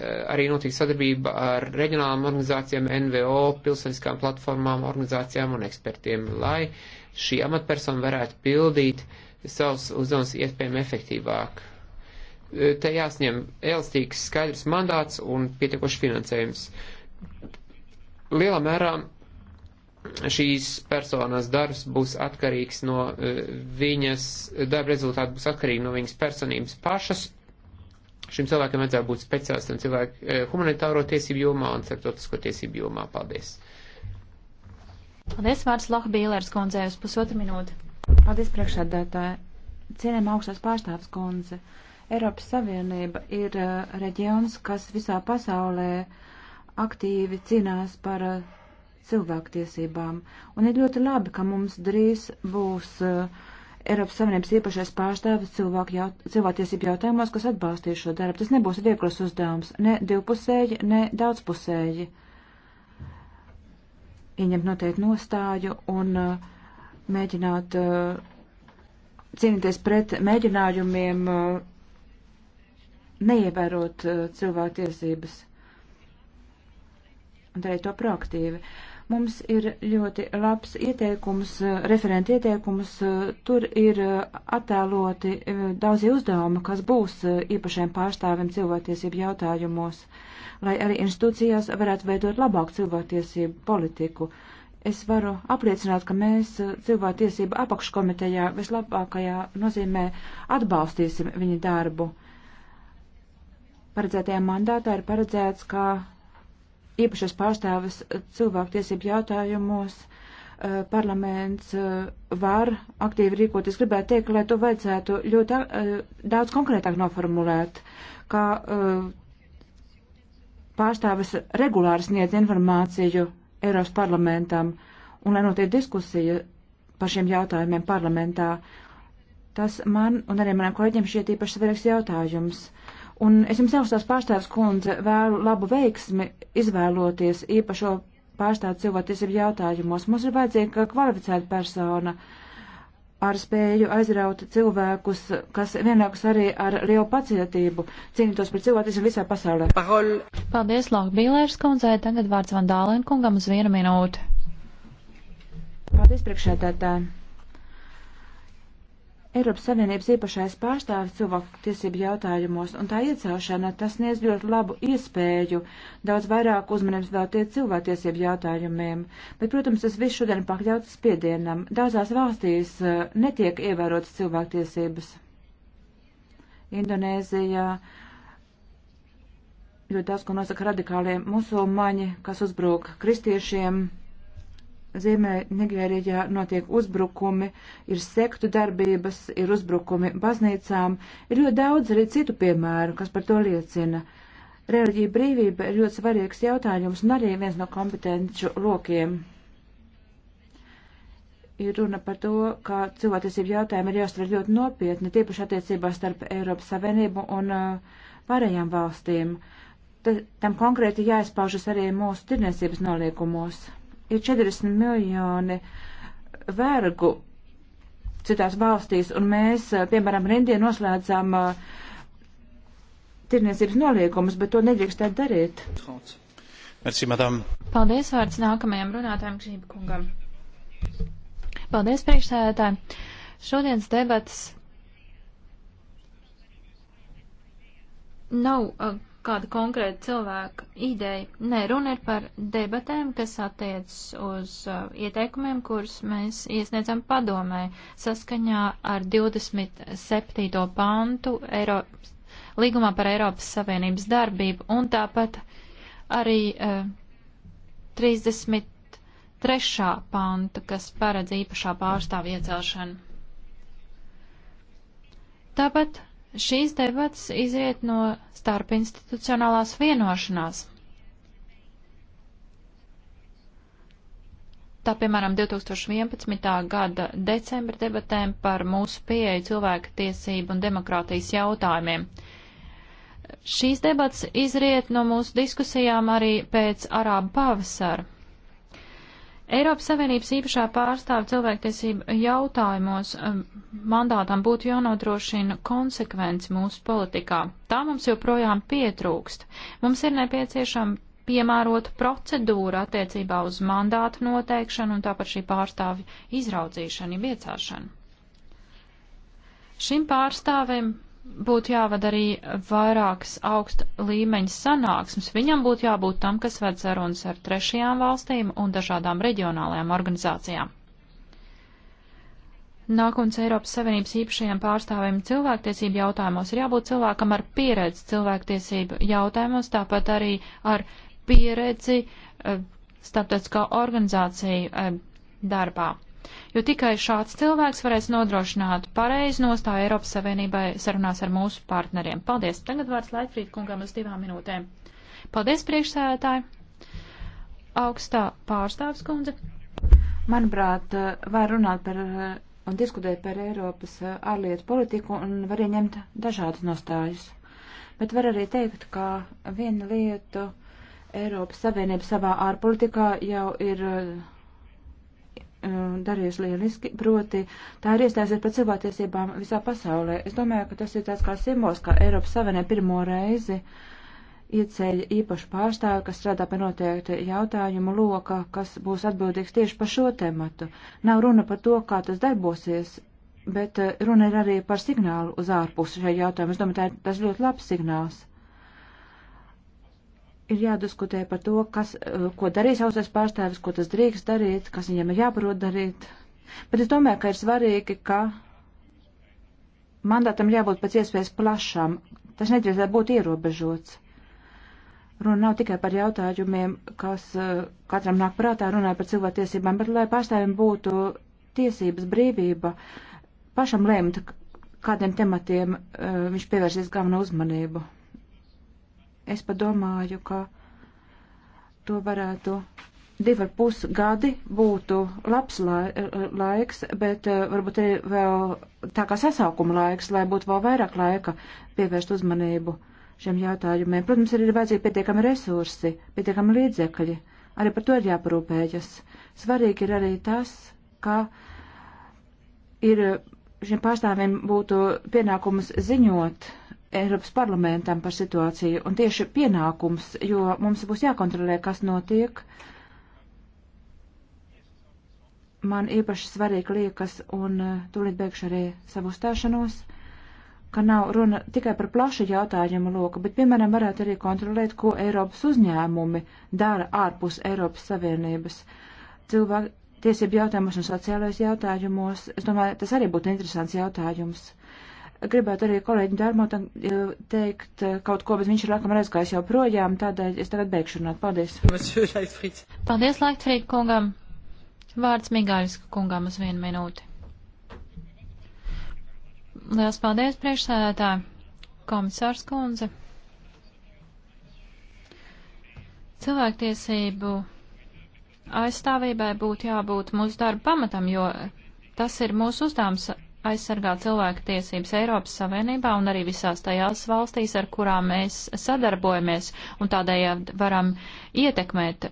Eh, arī notiek sadarbība ar reģionālām organizācijām, NVO, pilsoniskām platformām, organizācijām un ekspertiem, lai šī amatpersona varētu pildīt savus uzdevumus iespējami efektīvāk. Eh, te jāsņem elastīgs, skaidrs mandāts un pietiekoši finansējums. Lielā mērā šīs personas darbs būs atkarīgs no eh, viņas, darba rezultāti būs atkarīgi no viņas personības pašas Šim cilvēkam vajadzētu būt speciālistam cilvēku eh, humanitāro tiesību jomā un starptautisko tiesību jomā. Paldies! Paldies, vārds Lohbīlērs kundzei uz pusotru minūti. Paldies, priekšsēdētāji. Cienējam augstās pārstāvs kundze. Eiropas Savienība ir uh, reģions, kas visā pasaulē aktīvi cīnās par uh, cilvēktiesībām. Un ir ļoti labi, ka mums drīz būs uh, Eiropas Savienības īpašais pārstāvis jaut, cilvēktiesību jautājumos, kas atbalstīs šo darbu. Tas nebūs viegls uzdevums, ne divpusēji, ne daudzpusēji. Ieņemt noteikti nostāju un uh, mēģināt uh, cīnīties pret mēģinājumiem uh, neievērot uh, cilvēku tiesības un darīt to proaktīvi. Uh, Mums ir ļoti labs ieteikums, eh, referenta ieteikums. Eh, tur ir eh, attēloti daudzi uzdevumi, kas būs īpašiem pārstāvim cilvēktiesību jautājumos, lai arī institūcijās varētu veidot labāku cilvēktiesību politiku. Es varu apliecināt, ka mēs cilvēktiesību apakškomitejā vislabākajā nozīmē atbalstīsim viņa darbu. Paredzētajā mandātā ir paredzēts, ka īpašas pārstāvis cilvēktiesību jautājumos eh, parlaments eh, var aktīvi rīkoties. Gribētu teikt, lai to vajadzētu ļoti eh, daudz konkrētāk noformulēt, kā pārstāvis regulāri sniedz informāciju Eiropas parlamentam un lai notiek diskusija par šiem jautājumiem parlamentā. Tas man un arī maniem kolēģiem šķiet īpaši svarīgs jautājums. Uh, Un es jums augstās pārstāvs kundze vēlu labu veiksmi izvēloties īpašo pārstāvu cilvēktiesību jautājumos. Mums ir vajadzīga kvalificēta persona ar spēju aizraut cilvēkus, kas vienlaikus arī ar lielu pacietību cīnītos par cilvēktiesību visā pasaulē. Paldies, Lāk Bīlērs kundzei. Tagad vārds Vandālēn kungam uz vienu minūti. Paldies, priekšētētāji. Eiropas Savienības īpašais pārstāvis cilvēku tiesību jautājumos, un tā iecelšana tas sniedz ļoti labu iespēju daudz vairāk uzmanības veltīt cilvēktiesību jautājumiem, bet, protams, tas viss šodien pakļauts spiedienam. Daudzās valstīs uh, netiek ievērotas cilvēktiesības. Indonēzijā ļoti daudz, ko nosaka radikālie musulmaņi, kas uzbrūk kristiešiem. Ziemē Nigērijā notiek uzbrukumi, ir sektu darbības, ir uzbrukumi baznīcām, ir ļoti daudz arī citu piemēru, kas par to liecina. Reliģija brīvība ir ļoti svarīgs jautājums un arī viens no kompetenču lokiem. Ir runa par to, ka cilvēktiesību jautājumi ir jāuztver ļoti nopietni, tiepaši attiecībās starp Eiropas Savienību un uh, pārējām valstīm. T tam konkrēti jāizpaužas arī mūsu tirniecības noliekumos ir 40 miljoni vergu citās valstīs, un mēs, eh, piemēram, Rindie noslēdzām uh, eh, tirniecības noliegumus, bet to nedrīkstētu darīt. Merci, madam. Paldies vārds nākamajam runātājam Grība kungam. Paldies, priekšsēdētāji. Šodienas debatas nav uh, kāda konkrēta cilvēka ideja. Nē, runa ir par debatēm, kas attiec uz uh, ieteikumiem, kurus mēs iesniedzam padomē saskaņā ar 27. pantu Eiro... līgumā par Eiropas Savienības darbību un tāpat arī uh, 33. panta, kas paredz īpašā pārstāvja iecelšanu. Tāpat Šīs debats izriet no starpinstitucionālās vienošanās. Tā piemēram 2011. gada decembra debatēm par mūsu pieeju cilvēka tiesību un demokrātijas jautājumiem. Šīs debats izriet no mūsu diskusijām arī pēc Arābu pavasara. Eiropas Savienības īpašā pārstāva cilvēktiesību jautājumos um, mandātam būtu jānodrošina konsekvenci mūsu politikā. Tā mums joprojām pietrūkst. Mums ir nepieciešama piemērota procedūra attiecībā uz mandātu noteikšanu un tāpat šī pārstāvja izraudzīšana, iecāšana. Šim pārstāvim būtu jāvada arī vairākas augsta līmeņa sanāksmes. Viņam būtu jābūt tam, kas ved sarunas ar trešajām valstīm un dažādām reģionālajām organizācijām. Nākotnes Eiropas Savienības īpašajiem pārstāvjiem cilvēktiesību jautājumos ir jābūt cilvēkam ar pieredzi cilvēktiesību jautājumos, tāpat arī ar pieredzi eh, starptautiskā organizācija eh, darbā jo tikai šāds cilvēks varēs nodrošināt pareizi nostāju Eiropas Savienībai sarunās ar mūsu partneriem. Paldies! Tagad vārds Leitfrīd kungam uz divām minūtēm. Paldies, priekšsēdētāji! Augstā pārstāvs kundze. Manuprāt, var runāt par un diskutēt par Eiropas eh, ārlietu politiku un var ieņemt dažādas nostājus. Bet var arī teikt, ka viena lieta Eiropas Savienība savā ārpolitikā jau ir uh, Uh, darījusi lieliski, proti tā ir iestājusies par cilvēktiesībām visā pasaulē. Es domāju, ka tas ir tāds kā simbols, kā Eiropas Savienē pirmo reizi ieceļ īpašu pārstāvi, kas strādā pie noteikta jautājumu loka, kas būs atbildīgs tieši par šo tematu. Nav runa par to, kā tas darbosies, bet uh, runa ir arī par signālu uz ārpusi šajā jautājumā. Es domāju, tā ir tas ļoti labs signāls ir jādiskutē par to, kas, eh, ko darīs ausies pārstāvis, ko tas drīkst darīt, kas viņam ir jāparot darīt. Bet es domāju, ka ir svarīgi, ka mandātam jābūt pēc iespējas plašam. Tas nedrīkst būt ierobežots. Runa nav tikai par jautājumiem, kas eh, katram nāk prātā, runāja par cilvēktiesībām, bet lai pārstāvjiem būtu tiesības, brīvība, pašam lēmt, kādiem tematiem eh, viņš pievērsies galveno uzmanību. Es padomāju, ka to varētu divi ar pus gadi būtu labs eh, laiks, bet eh, varbūt arī vēl tā kā sasaukuma laiks, lai būtu vēl vairāk laika pievērst uzmanību šiem jautājumiem. Protams, arī ir vajadzīgi pietiekami resursi, pietiekami līdzekļi. Arī par to ir jāparūpējas. Svarīgi ir arī tas, ka ir eh, šiem pārstāvjiem būtu pienākums ziņot Eiropas parlamentam par situāciju un tieši pienākums, jo mums būs jākontrolē, kas notiek. Man īpaši svarīgi liekas, un eh, tūlīt beigšu arī savu stāšanos, ka nav runa tikai par plašu jautājumu loku, bet, piemēram, varētu arī kontrolēt, ko Eiropas uzņēmumi dara ārpus Eiropas Savienības. Cilvēki tiesību jautājumos un sociālajos jautājumos, es domāju, tas arī būtu interesants jautājums. Uh, gribētu arī kolēģim Dārmotam eh, teikt eh, kaut ko, bet viņš ir laikam aizgājis jau projām, tādēļ es tagad beigšu runāt. Paldies. Paldies, Laiktfrīd kungam. Vārds Migāļs kungam uz vienu minūti. Liels paldies, priekšsēdētāji. Komisārs kundze. Cilvēktiesību aizstāvībai būtu jābūt mūsu darba pamatam, jo tas ir mūsu uzdevums aizsargāt cilvēku tiesības Eiropas Savienībā un arī visās tajās valstīs, ar kurām mēs sadarbojamies un tādējādi varam ietekmēt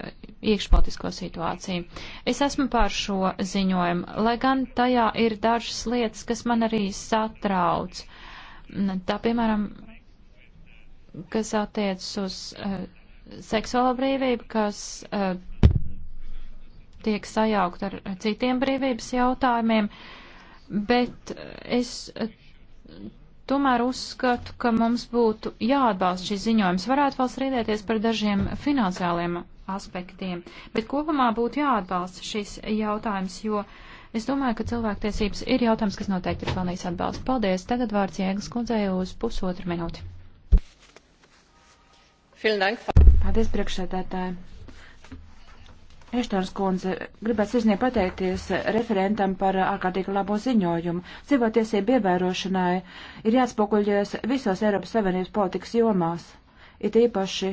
iekšpolitisko situāciju. Es esmu pār šo ziņojumu, lai gan tajā ir dažas lietas, kas man arī satrauc. Tā piemēram, kas attiecas uz uh, seksuālo brīvību, kas uh, tiek sajaukt ar citiem brīvības jautājumiem. Uh, bet es eh, tomēr uzskatu, ka mums būtu jāatbalsta šis ziņojums. Varētu vēl strīdēties par dažiem finansiāliem aspektiem, bet kopumā būtu jāatbalsta šis jautājums, jo es domāju, ka cilvēktiesības ir jautājums, kas noteikti ir pelnījis atbalstu. Paldies! Tagad vārds Jēgas kundzei uz pusotru minūti. Paldies, priekšsēdētāji! Eštons kundze, gribētu sirsnie pateikties referentam par ārkārtīgi labo ziņojumu. Cilvēktiesību ievērošanai ir jāatspoguļojas visos Eiropas Savienības politikas jomās. It īpaši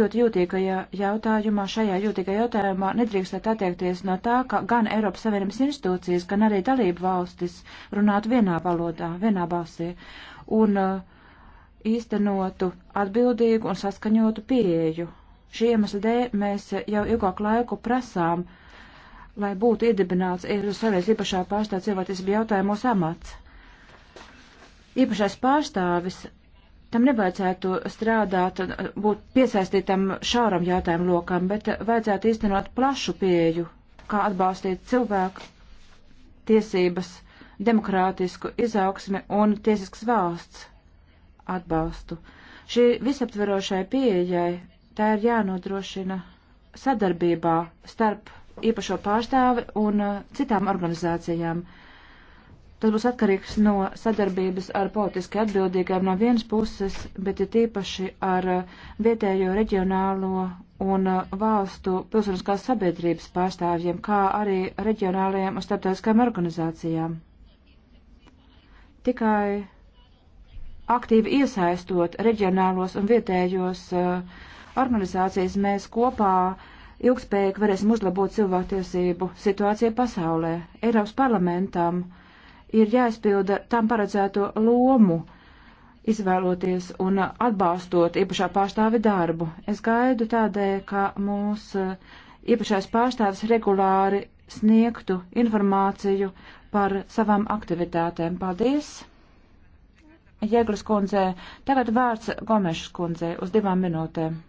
ļoti jūtīgajā jautājumā, šajā jūtīgajā jautājumā nedrīkstētu attiekties no tā, ka gan Eiropas Savienības institūcijas, gan arī dalību valstis runātu vienā valodā, vienā balsī un uh, īstenotu atbildīgu un saskaņotu pieeju Šī iemesla dēļ mēs jau ilgāku laiku prasām, lai būtu iedibināts Eiropas Savienības īpašā pārstāvja cilvēktiesību jautājumos amats. Īpašais pārstāvis tam nevajadzētu strādāt, būt piesaistītam šauram jautājumu lokam, bet vajadzētu īstenot plašu pieju, kā atbalstīt cilvēku tiesības, demokrātisku izaugsmi un tiesiskas valsts atbalstu. Šī visaptverošai pieejai tā ir jānodrošina sadarbībā starp īpašo pārstāvi un uh, citām organizācijām. Tas būs atkarīgs no sadarbības ar politiski atbildīgām no vienas puses, bet ir tīpaši ar uh, vietējo reģionālo un uh, valstu pilsoniskās sabiedrības pārstāvjiem, kā arī reģionālajiem un starptautiskajām organizācijām. Tikai aktīvi iesaistot reģionālos un vietējos uh, organizācijas mēs kopā ilgspējīgi varēsim uzlabot cilvēktiesību situāciju pasaulē. Eiropas parlamentam ir jāizpilda tam paredzēto lomu, izvēloties un atbalstot īpašā pārstāvi darbu. Es gaidu tādēļ, ka mūsu eh, īpašais pārstāvis regulāri sniegtu informāciju par savām aktivitātēm. Paldies! Jēglas kundzē, tagad vārds Gomešas kundzē uz divām minūtēm.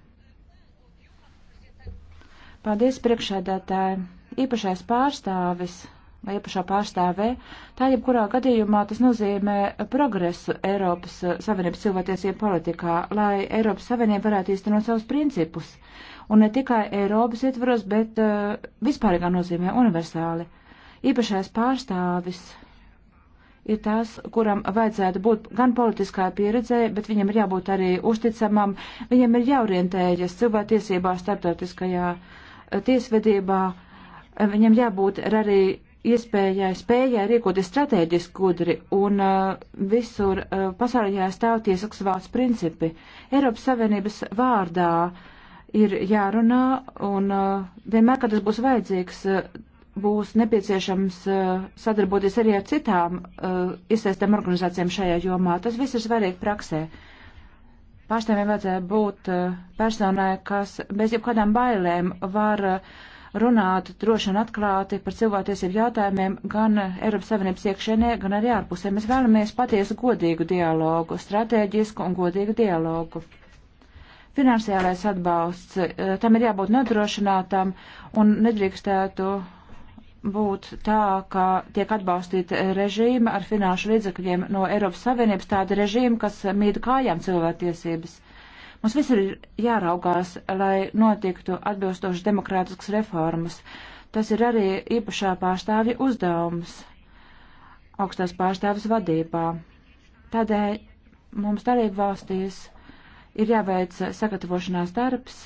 Paldies, priekšēdētāji. Īpašais pārstāvis vai īpašā pārstāvē, tā jebkurā gadījumā tas nozīmē progresu Eiropas eh, Savienības cilvēktiesību politikā, lai Eiropas Savienība varētu īstenot savus principus. Un ne tikai Eiropas ietvaros, bet uh, vispārīgā nozīmē universāli. Īpašais pārstāvis ir tas, kuram vajadzētu būt gan politiskā pieredzē, bet viņam ir jābūt arī uzticamam, viņam ir jāorientējas cilvēktiesībās starptautiskajā uh, tiesvedībā eh, viņam jābūt arī iespējai, spējai rīkoties strateģiski gudri un uh, visur uh, pasaulē jāstāv tiesaks valsts principi. Eiropas Savienības vārdā ir jārunā un uh, vienmēr, kad tas būs vajadzīgs, uh, būs nepieciešams uh, sadarboties arī ar citām uh, iesaistēm organizācijām šajā jomā. Tas viss ir svarīgi praksē. Uh, Pārstāvjiem vajadzēja būt eh, personai, kas bez jebkādām bailēm var eh, runāt droši un atklāti par cilvēktiesību jautājumiem gan Eiropas Savienības iekšēnē, gan arī ārpusē. Mēs vēlamies patiesu godīgu dialogu, strateģisku un godīgu dialogu. Finansiālais atbalsts, eh, tam ir jābūt nodrošinātam un nedrīkstētu būt tā, ka tiek atbalstīta režīma ar finanšu līdzekļiem no Eiropas Savienības, tāda režīma, kas mīd kājām cilvēktiesības. Mums visur ir jāraugās, lai notiktu atbilstoši demokrātiskas reformas. Tas ir arī īpašā pārstāvja uzdevums augstās pārstāvis vadībā. Tādēļ mums dalību valstīs ir jāveic sagatavošanās darbs,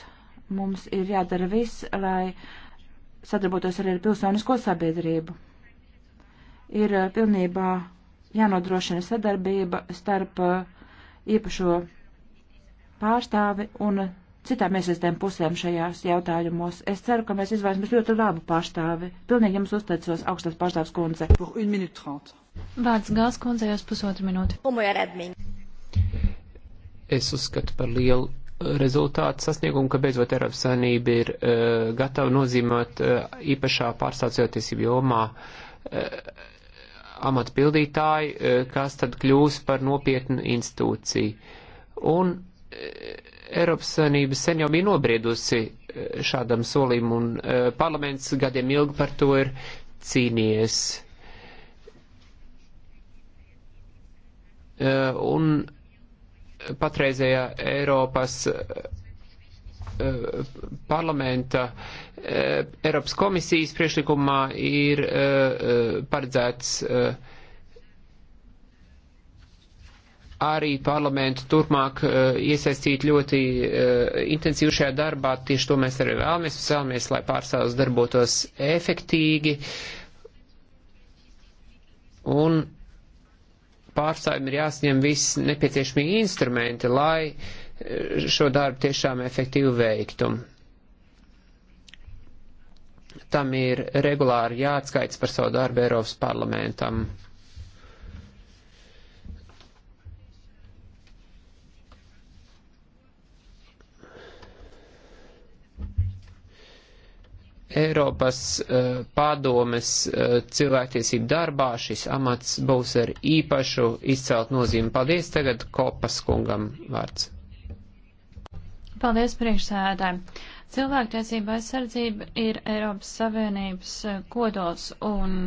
mums ir jādara viss, lai sadarbotos arī ar pilsonisko sabiedrību. Ir eh, pilnībā jānodrošina sadarbība starp eh, īpašo pārstāvi un citām iesaistēm pusēm šajās jautājumos. Es ceru, ka mēs izvairīsimies ļoti labu pārstāvi. Pilnīgi jums uzticos augstās pārstāvs kundze. Vārds Gāls kundzei uz pusotru minūti. Es uzskatu par lielu rezultātu sasniegumu, ka beidzot Eiropas Savienība ir uh, gatava nozīmot uh, e, īpašā pārstāvjotiesību jomā uh, amatpildītāji, uh, kas tad kļūs par nopietnu institūciju. Un uh, Eiropas Savienība sen jau bija nobriedusi uh, šādam solim, un uh, parlaments gadiem ilgi par to ir cīnījies. Uh, un patreizējā Eiropas eh, parlamenta eh, Eiropas komisijas priešlikumā ir eh, paredzēts arī parlamentu turpmāk iesaistīt ļoti intensīvi šajā darbā. Tieši to mēs arī vēlamies. Mēs vēlamies, lai pārstāvs darbotos efektīgi. Un pārstāvjiem ir jāsņem viss nepieciešamie instrumenti, lai eh, šo darbu tiešām efektīvi veiktu. Tam ir regulāri jāatskaits par savu darbu Eiropas parlamentam. Eiropas uh, padomes uh, cilvēktiesību darbā šis amats būs ar īpašu izcelt nozīmi. Paldies tagad Kopas kungam vārds. Paldies priekšsēdētājiem. Cilvēktiesība aizsardzība ir Eiropas Savienības eh, kodols un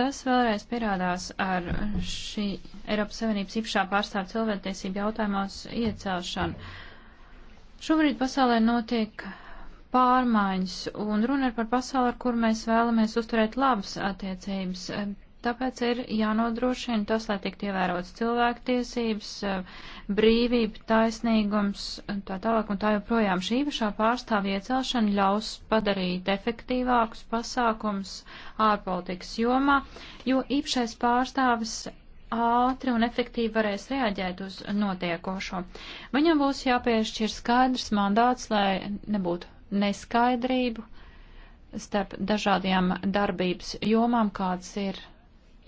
tas vēlreiz pierādās ar šī Eiropas Savienības īpašā pārstāv cilvēktiesību jautājumos iecelšanu. Šobrīd pasaulē notiek pārmaiņas, un runa ir par pasauli, ar kur mēs vēlamies uzturēt labas attiecības. Tāpēc ir jānodrošina tas, lai tiktu ievērots cilvēktiesības, brīvība, taisnīgums, tā tālāk un tā joprojām. Šī īpašā pārstāvja iecelšana ļaus padarīt efektīvākus pasākums ārpolitikas jomā, jo īpašais pārstāvis ātri un efektīvi varēs reaģēt uz notiekošo. Viņam būs jāpiešķir skaidrs mandāts, lai nebūtu neskaidrību starp dažādajām darbības jomām, kāds ir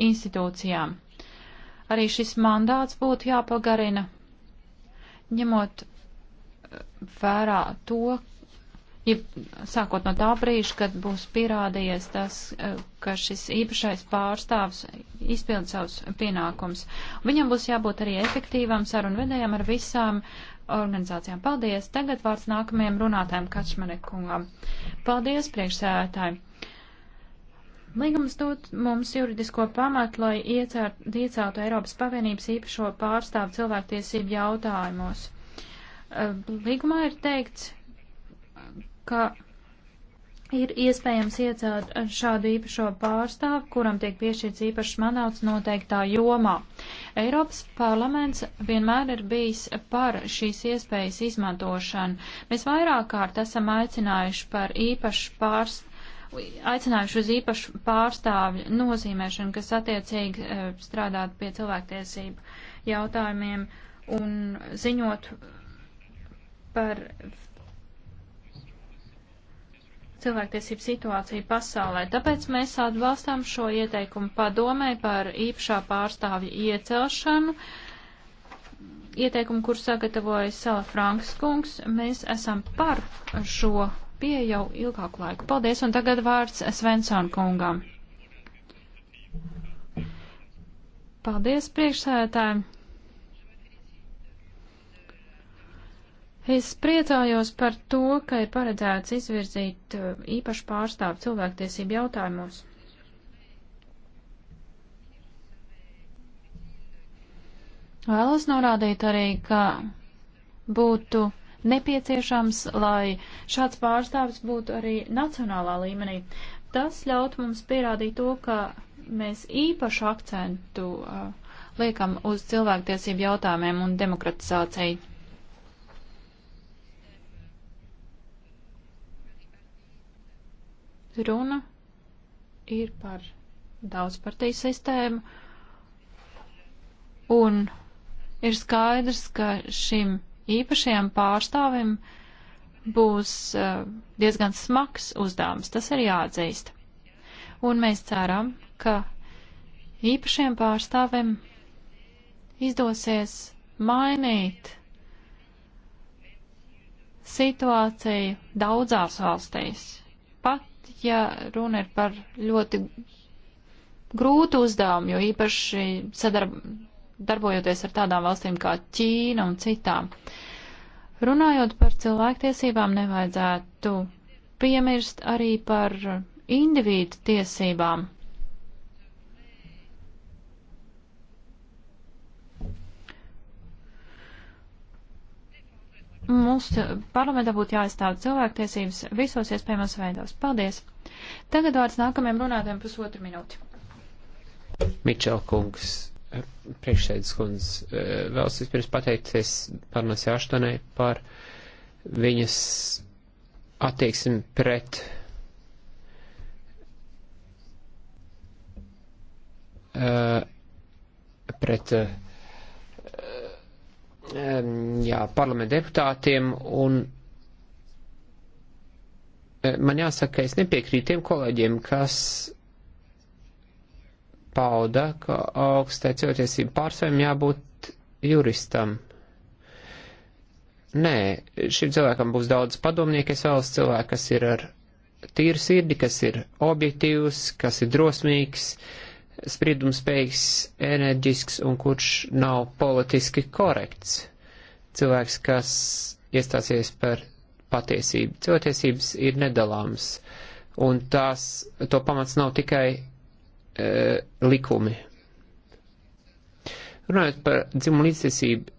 institūcijām. Arī šis mandāts būtu jāpagarina, ņemot eh, vērā to, ja sākot no tā brīža, kad būs pierādījies tas, eh, ka šis īpašais pārstāvs izpild savus pienākums. Viņam būs jābūt arī efektīvam sarunvedējam ar visām organizācijām. Paldies! Tagad vārds nākamajam runātājiem Kačmarekungam. Paldies, priekšsēdētāji! Līgums dod mums juridisko pamatu, lai iecērt, ieceltu Eiropas Pavienības īpašo pārstāvu cilvēktiesību jautājumos. Līgumā ir teikts, ka ir iespējams iecelt šādu īpašo pārstāvu, kuram tiek piešķirts īpašs manāts noteiktā jomā. Eiropas parlaments vienmēr ir bijis par šīs iespējas izmantošanu. Mēs vairāk kārt esam aicinājuši par īpašu pārstāvu aicinājuši uz īpašu pārstāvju nozīmēšanu, kas attiecīgi eh, strādātu pie cilvēktiesību jautājumiem un ziņot par cilvēktiesību situāciju pasaulē. Tāpēc mēs atbalstām šo ieteikumu padomē par īpašā pārstāvja iecelšanu. Ieteikumu, kur sagatavoja Sala Franks kungs, mēs esam par šo pieeju jau ilgāku laiku. Paldies, un tagad vārds Svensson kungam. Paldies priekšsēdētājiem! Es priecājos par to, ka ir paredzēts izvirzīt uh, īpašu pārstāvu cilvēktiesību jautājumos. Vēlos norādīt arī, ka būtu nepieciešams, lai šāds pārstāvis būtu arī nacionālā līmenī. Tas ļaut mums pierādīt to, ka mēs īpašu akcentu uh, liekam uz cilvēktiesību jautājumiem un demokratizāciju. Runa ir par daudzpartiju sistēmu, un ir skaidrs, ka šim īpašajam pārstāvim būs eh, diezgan smags uzdevums, tas ir jāatzīst. Un mēs ceram, ka īpašiem pārstāvim izdosies mainīt situāciju daudzās valstīs, ja runa ir par ļoti grūtu uzdevumu, jo īpaši sadarb, darbojoties ar tādām valstīm kā Ķīna un citām. Runājot par cilvēktiesībām, nevajadzētu piemirst arī par individu tiesībām. mums parlamentā būtu jāaizstāv cilvēktiesības visos iespējamos veidos. Paldies! Tagad vārds nākamajam runātājam pusotru minūti. Mičel kungs, eh, priekšsēdus kundz, eh, vēlas vispirms pateikties Parnasē Aštonai par viņas attieksmi pret eh, pret uh, jā, parlamenta deputātiem, un eh, man jāsaka, ka es nepiekrītu tiem kolēģiem, kas pauda, ka augstai cilvēktiesību pārstāvjiem jābūt juristam. Nē, šim cilvēkam būs daudz padomnieku, es vēlos cilvēku, kas ir ar tīru sirdi, kas ir objektīvs, kas ir drosmīgs, uh, spriedumspējīgs, enerģisks un kurš nav politiski korekts cilvēks, kas iestāsies par patiesību. Cilvēktiesības ir nedalāmas, un tās, to pamats nav tikai e, likumi. Runājot par dzimumu līdztiesību,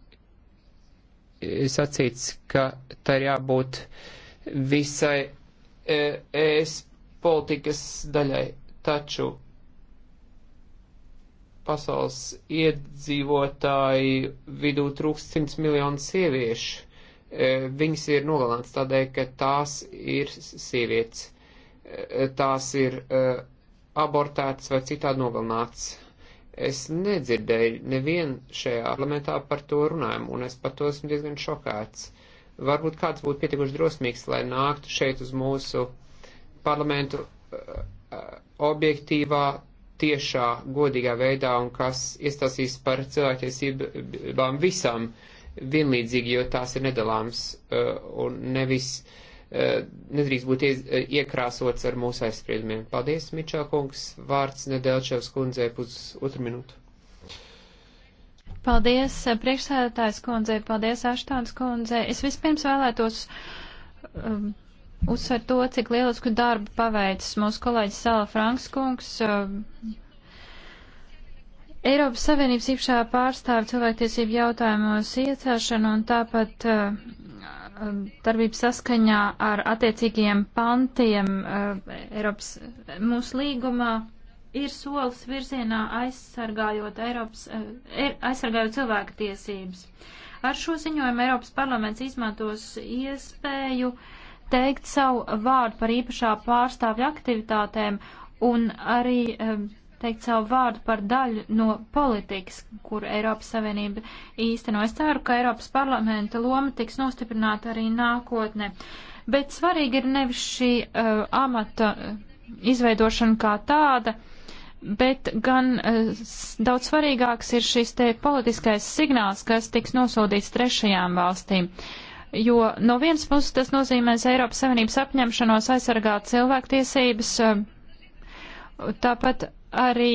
ir e, sacīts, ka tā ir jābūt visai e, ES politikas daļai, taču pasaules iedzīvotāji vidū trūkst 100 miljonu sieviešu. E, viņas ir nogalināts tādēļ, ka tās ir sievietes. E, tās ir e, abortētas vai citādi nogalināts. Es nedzirdēju nevienu šajā parlamentā par to runājumu, un es par to esmu diezgan šokēts. Varbūt kāds būtu pietiekuši drosmīgs, lai nāktu šeit uz mūsu parlamentu objektīvā tiešā, godīgā veidā un kas iestāsīs par cilvēktiesībām visam vienlīdzīgi, jo tās ir nedalāms eh, un nevis eh, nedrīkst būt eh, iekrāsots ar mūsu aizspriedumiem. Paldies, Mičā kungs, vārds Nedelčevs kundzei pusotru minūtu. Paldies, priekšsēdētājs kundzei, paldies, Aštāns kundzei. Es vispirms vēlētos um, uzsver to, cik lielisku darbu paveicis mūsu kolēģis Sala Frankskungs. Uh, Eiropas Savienības īpašā pārstāve cilvēktiesību jautājumos iecelšanu un tāpat uh, darbību saskaņā ar attiecīgajiem pantiem uh, Eiropas mūsu līgumā ir solis virzienā aizsargājot, Eiropas, e, aizsargājot cilvēku tiesības. Ar šo ziņojumu Eiropas parlaments izmantos iespēju uh, teikt savu vārdu par īpašā pārstāvja aktivitātēm un arī teikt savu vārdu par daļu no politikas, kur Eiropas Savienība īsteno. Es ceru, ka Eiropas parlamenta loma tiks nostiprināta arī nākotnē. Bet svarīgi ir nevis šī uh, amata eh, izveidošana kā tāda, bet gan uh, daudz svarīgāks ir šis te politiskais signāls, kas tiks nosūtīts trešajām valstīm. Uh, jo no vienas puses tas nozīmēs Eiropas Savienības apņemšanos aizsargāt cilvēktiesības, eh, tāpat arī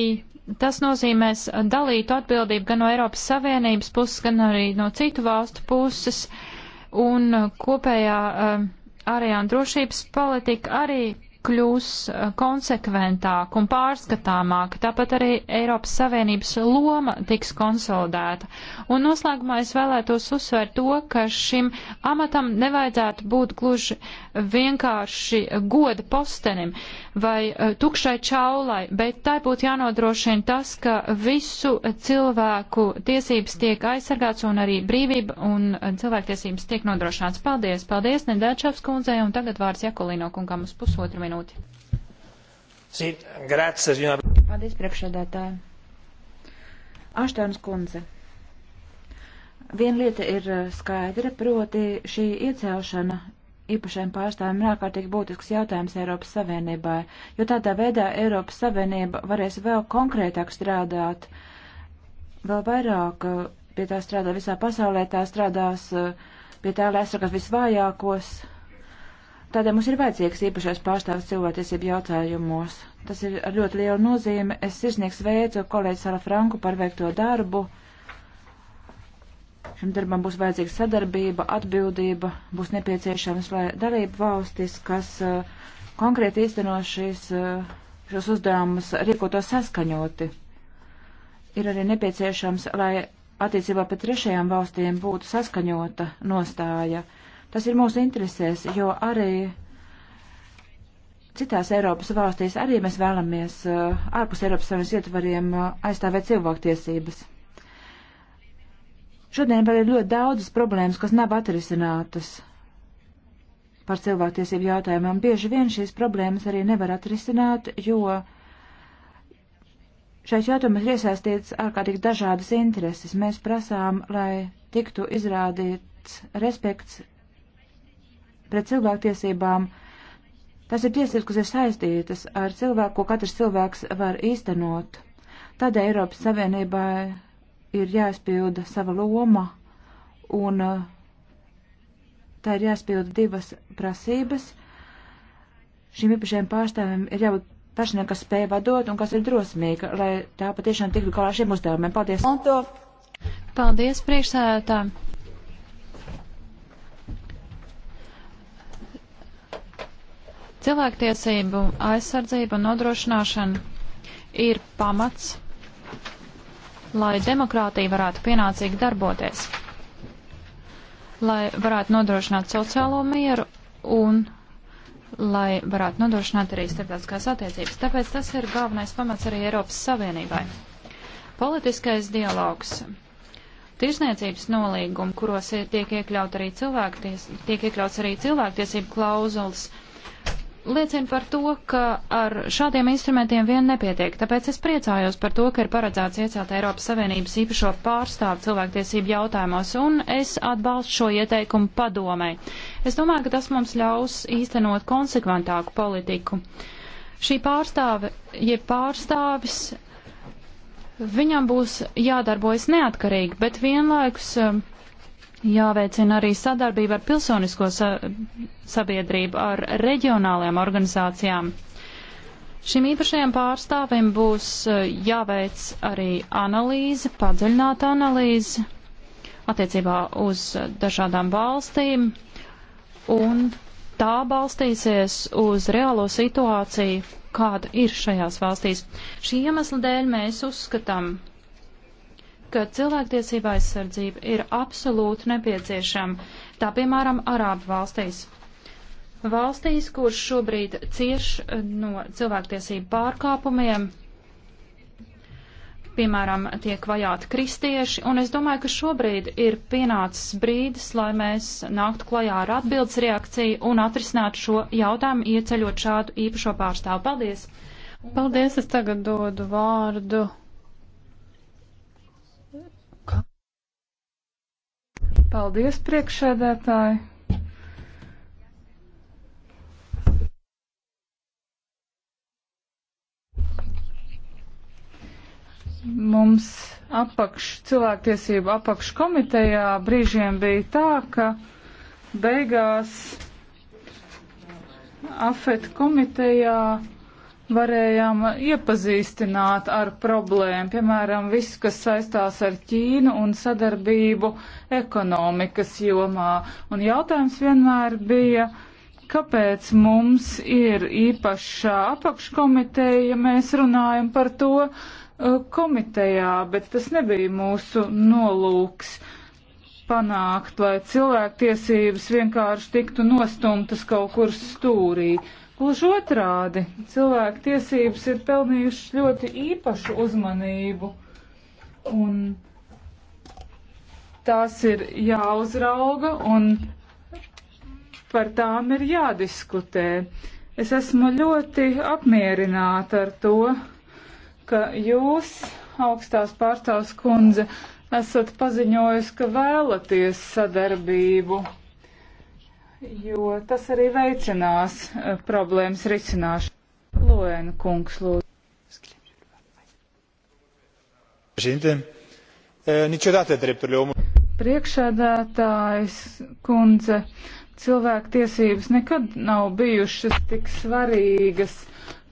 tas nozīmēs dalītu atbildību gan no Eiropas Savienības puses, gan arī no citu valstu puses, un kopējā eh, ārējā un drošības politika arī kļūs eh, konsekventāk un pārskatāmāk, tāpat arī Eiropas Savienības loma tiks konsolidēta. Un noslēgumā es vēlētos uzsvērt to, ka šim amatam nevajadzētu būt gluži vienkārši goda postenim vai eh, tukšai čaulai, bet tai būtu jānodrošina tas, ka visu cilvēku tiesības tiek aizsargāts un arī brīvība un eh, cilvēktiesības tiek nodrošināts. Paldies, paldies Nedēčevs kundzei un tagad vārds Jakolino kungam uz pusotru minūti minūti. Paldies, priekšsēdētāji. Aštēns kundze. Viena lieta ir eh, skaidra, proti šī iecelšana īpašiem pārstāvjiem ir ārkārtīgi būtisks jautājums Eiropas Savienībai, jo tādā veidā Eiropas Savienība varēs vēl konkrētāk strādāt, vēl vairāk eh, pie tā strādā visā pasaulē, tā strādās eh, pie tā, lai aizsargās visvājākos Tādēļ mums ir vajadzīgs īpašais pārstāvis cilvēktiesību jautājumos. Tas ir ar ļoti lielu nozīmi. Es sirsnieks veicu kolēģi Sara Franku par veikto darbu. Šim darbam būs vajadzīga sadarbība, atbildība, būs nepieciešams, lai dalību valstis, kas uh, konkrēti īsteno šīs, uh, šos uzdevumus, rīkoto saskaņoti. Ir arī nepieciešams, lai attiecībā pret trešajām valstīm būtu saskaņota nostāja. Uh, Tas ir mūsu interesēs, jo arī citās Eiropas valstīs arī mēs vēlamies uh, ārpus Eiropas Savienības ietvariem uh, aizstāvēt cilvēktiesības. Šodien vēl ir ļoti daudzas problēmas, kas nav atrisinātas par cilvēktiesību jautājumiem. Bieži vien šīs problēmas arī nevar atrisināt, jo šais jautājums ir iesaistīts ārkārtīgi dažādas intereses. Mēs prasām, lai tiktu izrādīts respekts pret cilvēktiesībām. Tas ir tiesības, kas ir saistītas ar cilvēku, ko katrs cilvēks var īstenot. Tādēļ Eiropas Savienībai ir jāizpilda sava loma un uh, tā ir jāizpilda divas prasības. Šīm īpašajiem pārstāvjiem ir jābūt personai, kas spēj vadot un kas ir drosmīga, lai tā patiešām tiktu galā šiem uzdevumiem. Paldies! Paldies, priekšsēdētāji! Cilvēktiesību aizsardzība un nodrošināšana ir pamats, lai demokrātija varētu pienācīgi darboties, lai varētu nodrošināt sociālo mieru un lai varētu nodrošināt arī starptautiskās attiecības. Tāpēc tas ir galvenais pamats arī Eiropas Savienībai. Politiskais dialogs. Tirzniecības nolīgumi, kuros tiek, iekļaut arī tiek iekļauts arī cilvēktiesību klauzulas, liecina par to, ka ar šādiem instrumentiem vien nepietiek. Tāpēc es priecājos par to, ka ir paredzēts iecelt Eiropas Savienības īpašo pārstāvu cilvēktiesību jautājumos, un es atbalstu šo ieteikumu padomē. Es domāju, ka tas mums ļaus īstenot konsekventāku politiku. Šī pārstāve, jeb pārstāvis Viņam būs jādarbojas neatkarīgi, bet vienlaikus um, Jāveicina arī sadarbība ar pilsonisko sa sabiedrību, ar reģionālajām organizācijām. Šim īpašajam pārstāvim būs eh, jāveic arī analīze, padziļināta analīze attiecībā uz dažādām valstīm, un tā balstīsies uz reālo situāciju, kāda ir šajās valstīs. Šī iemesla dēļ mēs uzskatām, ka cilvēktiesība aizsardzība ir absolūti nepieciešama, tā piemēram Arābu valstīs. Valstīs, kurš šobrīd cieš eh, no cilvēktiesību pārkāpumiem, piemēram, tiek vajāti kristieši, un es domāju, ka šobrīd ir pienācis brīdis, lai mēs nāktu klajā ar atbildes reakciju un atrisinātu šo jautājumu, ieceļot šādu īpašo pārstāvu. Paldies! Paldies, es tagad dodu vārdu Paldies, priekšsēdētāji! Mums apakš, cilvēktiesību apakškomitejā brīžiem bija tā, ka beigās AFET komitejā varējām iepazīstināt ar problēmu, piemēram, visu, kas saistās ar Ķīnu un sadarbību ekonomikas jomā. Un jautājums vienmēr bija, kāpēc mums ir īpašā apakškomiteja, ja mēs runājam par to uh, komitejā, bet tas nebija mūsu nolūks panākt, lai cilvēktiesības vienkārši tiktu nostumtas kaut kur stūrī. Gluži otrādi, cilvēku tiesības ir pelnījušas ļoti īpašu uzmanību, un tās ir jāuzrauga, un par tām ir jādiskutē. Es esmu ļoti apmierināta ar to, ka jūs, augstās pārstāvs kundze, esat paziņojis, ka vēlaties sadarbību jo tas arī veicinās eh, problēmas risināšanu. Lūēna kungs, lūdzu. Eh, Priekšādātājs kundze, cilvēktiesības nekad nav bijušas tik svarīgas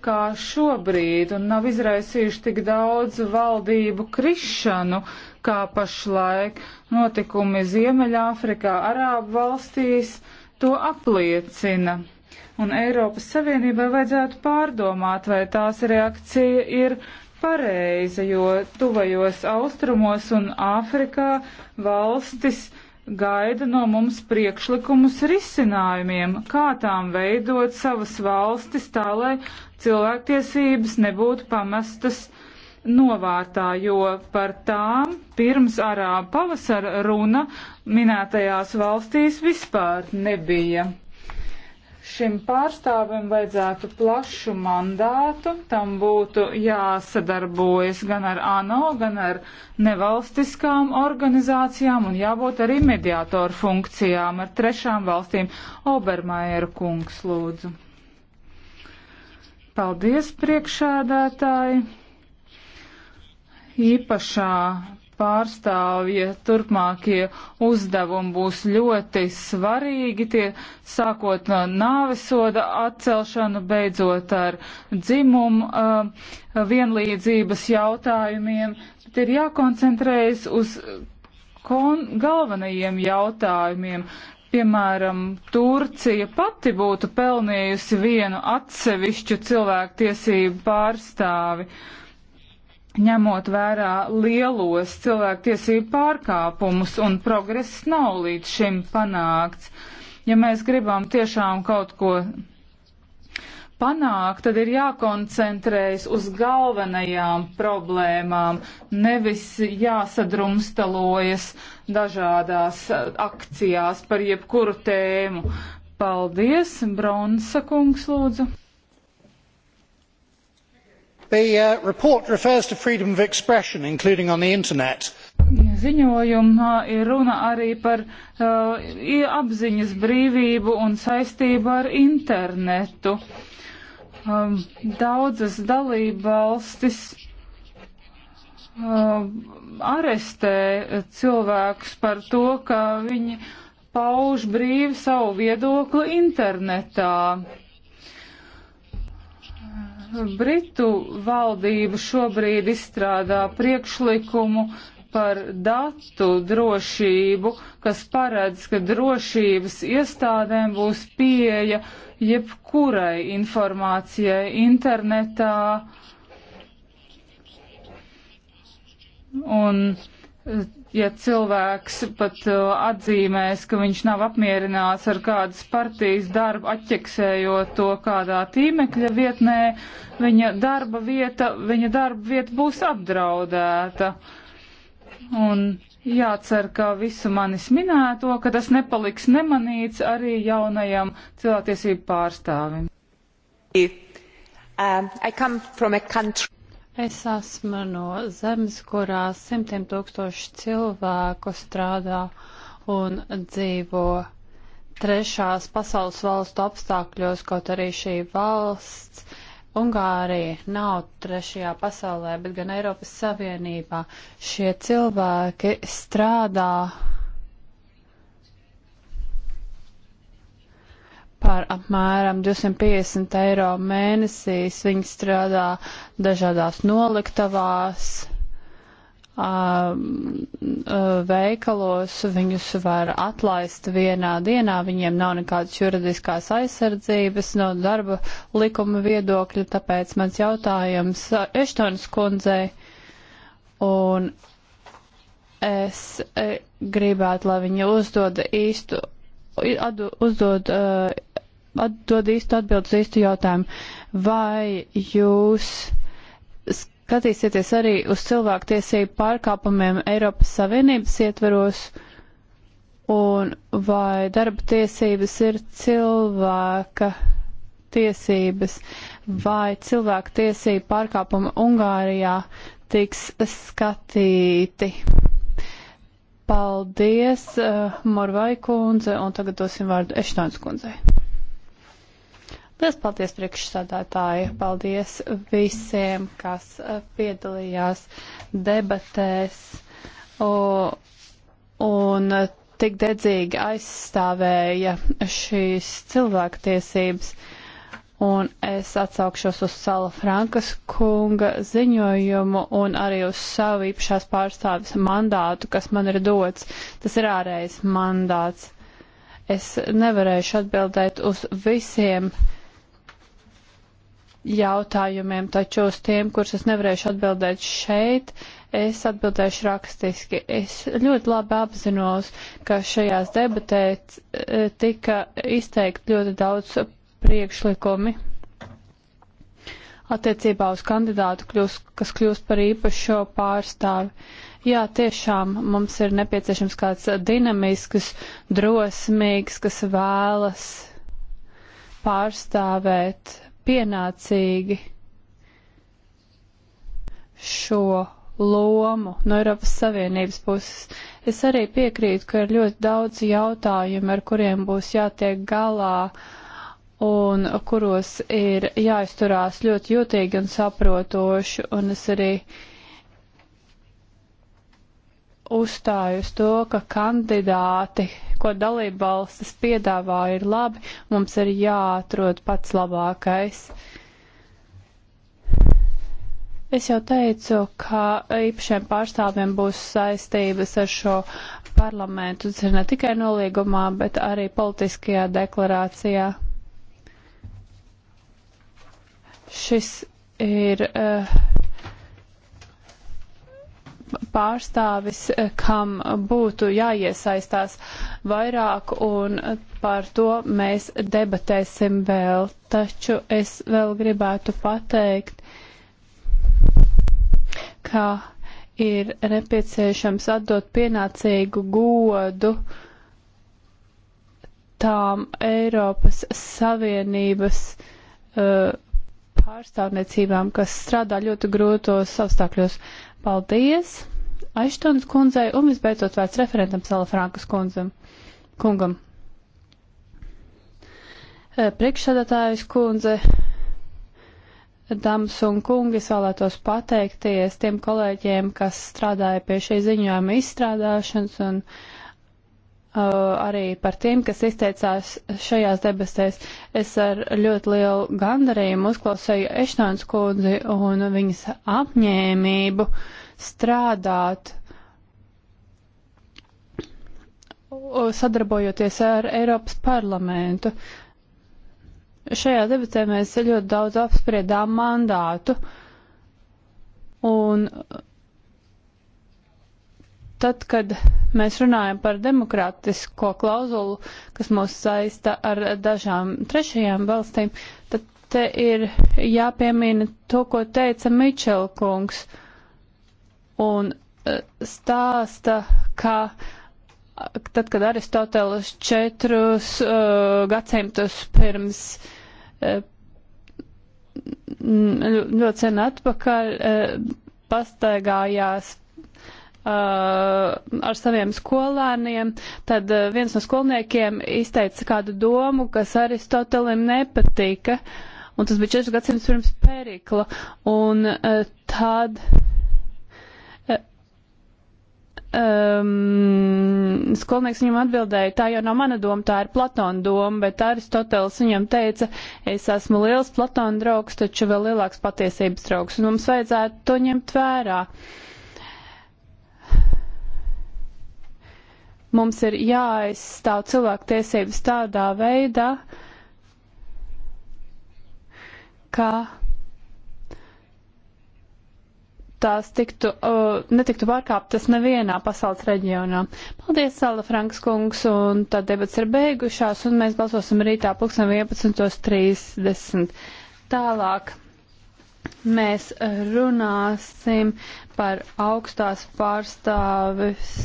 kā šobrīd un nav izraisījuši tik daudz valdību krišanu kā pašlaik notikumi Ziemeļāfrikā, Arābu valstīs. Uh, to apliecina. Un Eiropas Savienībai vajadzētu pārdomāt, vai tās reakcija ir pareiza, jo tuvajos austrumos un Āfrikā valstis gaida no mums priekšlikumus risinājumiem, kā tām veidot savas valstis tā, lai cilvēktiesības nebūtu pamestas uh, novārtā, jo par tām pirms arābu pavasara runa minētajās valstīs vispār nebija. Šim pārstāvim vajadzētu plašu mandātu, tam būtu jāsadarbojas gan ar ANO, gan ar nevalstiskām organizācijām un jābūt arī mediātoru funkcijām ar trešām valstīm. Obermaiera kungs lūdzu. Paldies priekšēdētāji! īpašā pārstāvja turpmākie uzdevumi būs ļoti svarīgi, tie sākot no nāvesoda atcelšanu, beidzot ar dzimumu uh, vienlīdzības jautājumiem. Bet ir jākoncentrējas uz galvenajiem jautājumiem. Piemēram, Turcija pati būtu pelnījusi vienu atsevišķu cilvēktiesību pārstāvi. Uh, ņemot vērā lielos cilvēktiesību pārkāpumus, un progress nav līdz šim panākts. Ja mēs gribam tiešām kaut ko panākt, tad ir jākoncentrējas uz galvenajām problēmām, nevis jāsadrumstalojas dažādās eh, akcijās par jebkuru tēmu. Paldies, Bronsa kungs, lūdzu the uh, report refers to freedom of expression including on the internet. Ziņojumā ir runa arī par uh, apziņas brīvību un saistību ar internetu. Um, daudzas dalībvalstis uh, arestē cilvēkus par to, ka viņi pauž brīvi savu viedokli internetā. Uh, Britu valdība šobrīd izstrādā priekšlikumu par datu drošību, kas paredz, ka drošības iestādēm būs pieeja jebkurai informācijai internetā. Un ja cilvēks pat uh, atzīmēs, ka viņš nav apmierināts ar kādas partijas darbu, atķeksējot to kādā tīmekļa vietnē, viņa darba vieta, viņa darba vieta būs apdraudēta. Un jācer, ka visu manis minēto, ka tas nepaliks nemanīts arī jaunajam cilvēktiesību pārstāvim. Um, I come from a country Es esmu no zemes, kurā simtiem tūkstoši cilvēku strādā un dzīvo trešās pasaules valstu apstākļos, kaut arī šī valsts Ungārija nav trešajā pasaulē, bet gan Eiropas Savienībā. Šie cilvēki strādā par apmēram 250 eiro mēnesīs. Viņi strādā dažādās noliktavās, um, uh, veikalos, viņus var atlaist vienā dienā, viņiem nav nekādas juridiskās aizsardzības no darba likuma viedokļa, tāpēc mans jautājums Eštonas kundzei. Un es eh, gribētu, lai viņa uzdod īstu atdo, uzdod, uh, atdod īstu atbildes īstu jautājumu. Vai jūs skatīsieties arī uz cilvēku tiesību pārkāpumiem Eiropas Savienības ietveros, un vai darba tiesības ir cilvēka tiesības, vai cilvēku tiesību pārkāpumi Ungārijā tiks skatīti? Paldies, uh, Morvai kundze, un tagad dosim vārdu Eštāns kundzei. Liels paldies priekšsādātāji, paldies visiem, kas uh, piedalījās debatēs o, un uh, tik dedzīgi aizstāvēja šīs cilvēktiesības. Uh, un es atsaukšos uz Sala Frankas kunga ziņojumu un arī uz savu īpašās pārstāvis mandātu, kas man ir dots. Tas ir ārējais mandāts. Es nevarēšu atbildēt uz visiem jautājumiem, taču uz tiem, kurus es nevarēšu atbildēt šeit, es atbildēšu rakstiski. Es ļoti labi apzinos, ka šajās debatēs eh, tika izteikt ļoti daudz priekšlikumi attiecībā uz kandidātu, kļūst, kas kļūst par īpašo pārstāvi. Jā, tiešām mums ir nepieciešams kāds dinamisks, drosmīgs, kas vēlas pārstāvēt pienācīgi šo lomu no Eiropas Savienības puses. Es arī piekrītu, ka ir ļoti daudz jautājumu, ar kuriem būs jātiek galā uh, un kuros ir jāizturās ļoti jūtīgi un saprotoši, un es arī uzstāju uz to, ka kandidāti, ko dalība valstis piedāvā, ir labi, mums ir jāatrod pats labākais. Es jau teicu, ka īpašiem pārstāvjiem būs saistības ar šo parlamentu, tas ir ne tikai nolīgumā, bet arī politiskajā deklarācijā. Šis ir uh, pārstāvis, eh, kam būtu jāiesaistās vairāk, un par to mēs debatēsim vēl. Taču es vēl gribētu pateikt, ka ir nepieciešams atdot pienācīgu godu tām Eiropas Savienības uh, pārstāvniecībām, kas strādā ļoti grūtos apstākļos. Paldies Aištonas kundzei un visbeidzot vērts referentam Salafrankas kundzam, kungam. Eh, Priekšsēdētājas kundze, dāmas un kungi, es vēlētos pateikties tiem kolēģiem, kas strādāja pie šī ziņojuma izstrādāšanas un uh, Uh, arī par tiem, kas izteicās šajās debesēs. Es ar ļoti lielu gandarījumu uzklausīju Eštāns kundzi un viņas apņēmību strādāt, sadarbojoties ar Eiropas parlamentu. Šajā debatē mēs ļoti daudz apspriedām mandātu un tad, kad mēs runājam par demokrātisko klauzulu, kas mūs saista ar dažām trešajām valstīm, tad te ir jāpiemina to, ko teica Mičela kungs. Un e, stāsta, ka tad, kad Aristoteles četrus uh, gadsimtus pirms uh, ļoti sen atpakaļ uh, pastaigājās Uh, ar saviem skolēniem, tad uh, viens no skolniekiem izteica kādu domu, kas Aristotelim nepatika, un tas bija 4 gadsimts pirms Perikla, un uh, tad um, skolnieks viņam atbildēja, tā jau nav mana doma, tā ir Platona doma, bet Aristoteles viņam teica, es esmu liels Platona draugs, taču vēl lielāks patiesības draugs, un mums vajadzētu to ņemt vērā. Uh, Mums ir jāaizstāv cilvēktiesības tādā veidā, ka tās tiktu, uh, netiktu pārkāptas nevienā pasaules reģionā. Paldies, Sala Franks kungs, un tad debats ir beigušās, un mēs balsosim rītā 11.30. Tālāk mēs runāsim par augstās pārstāvis.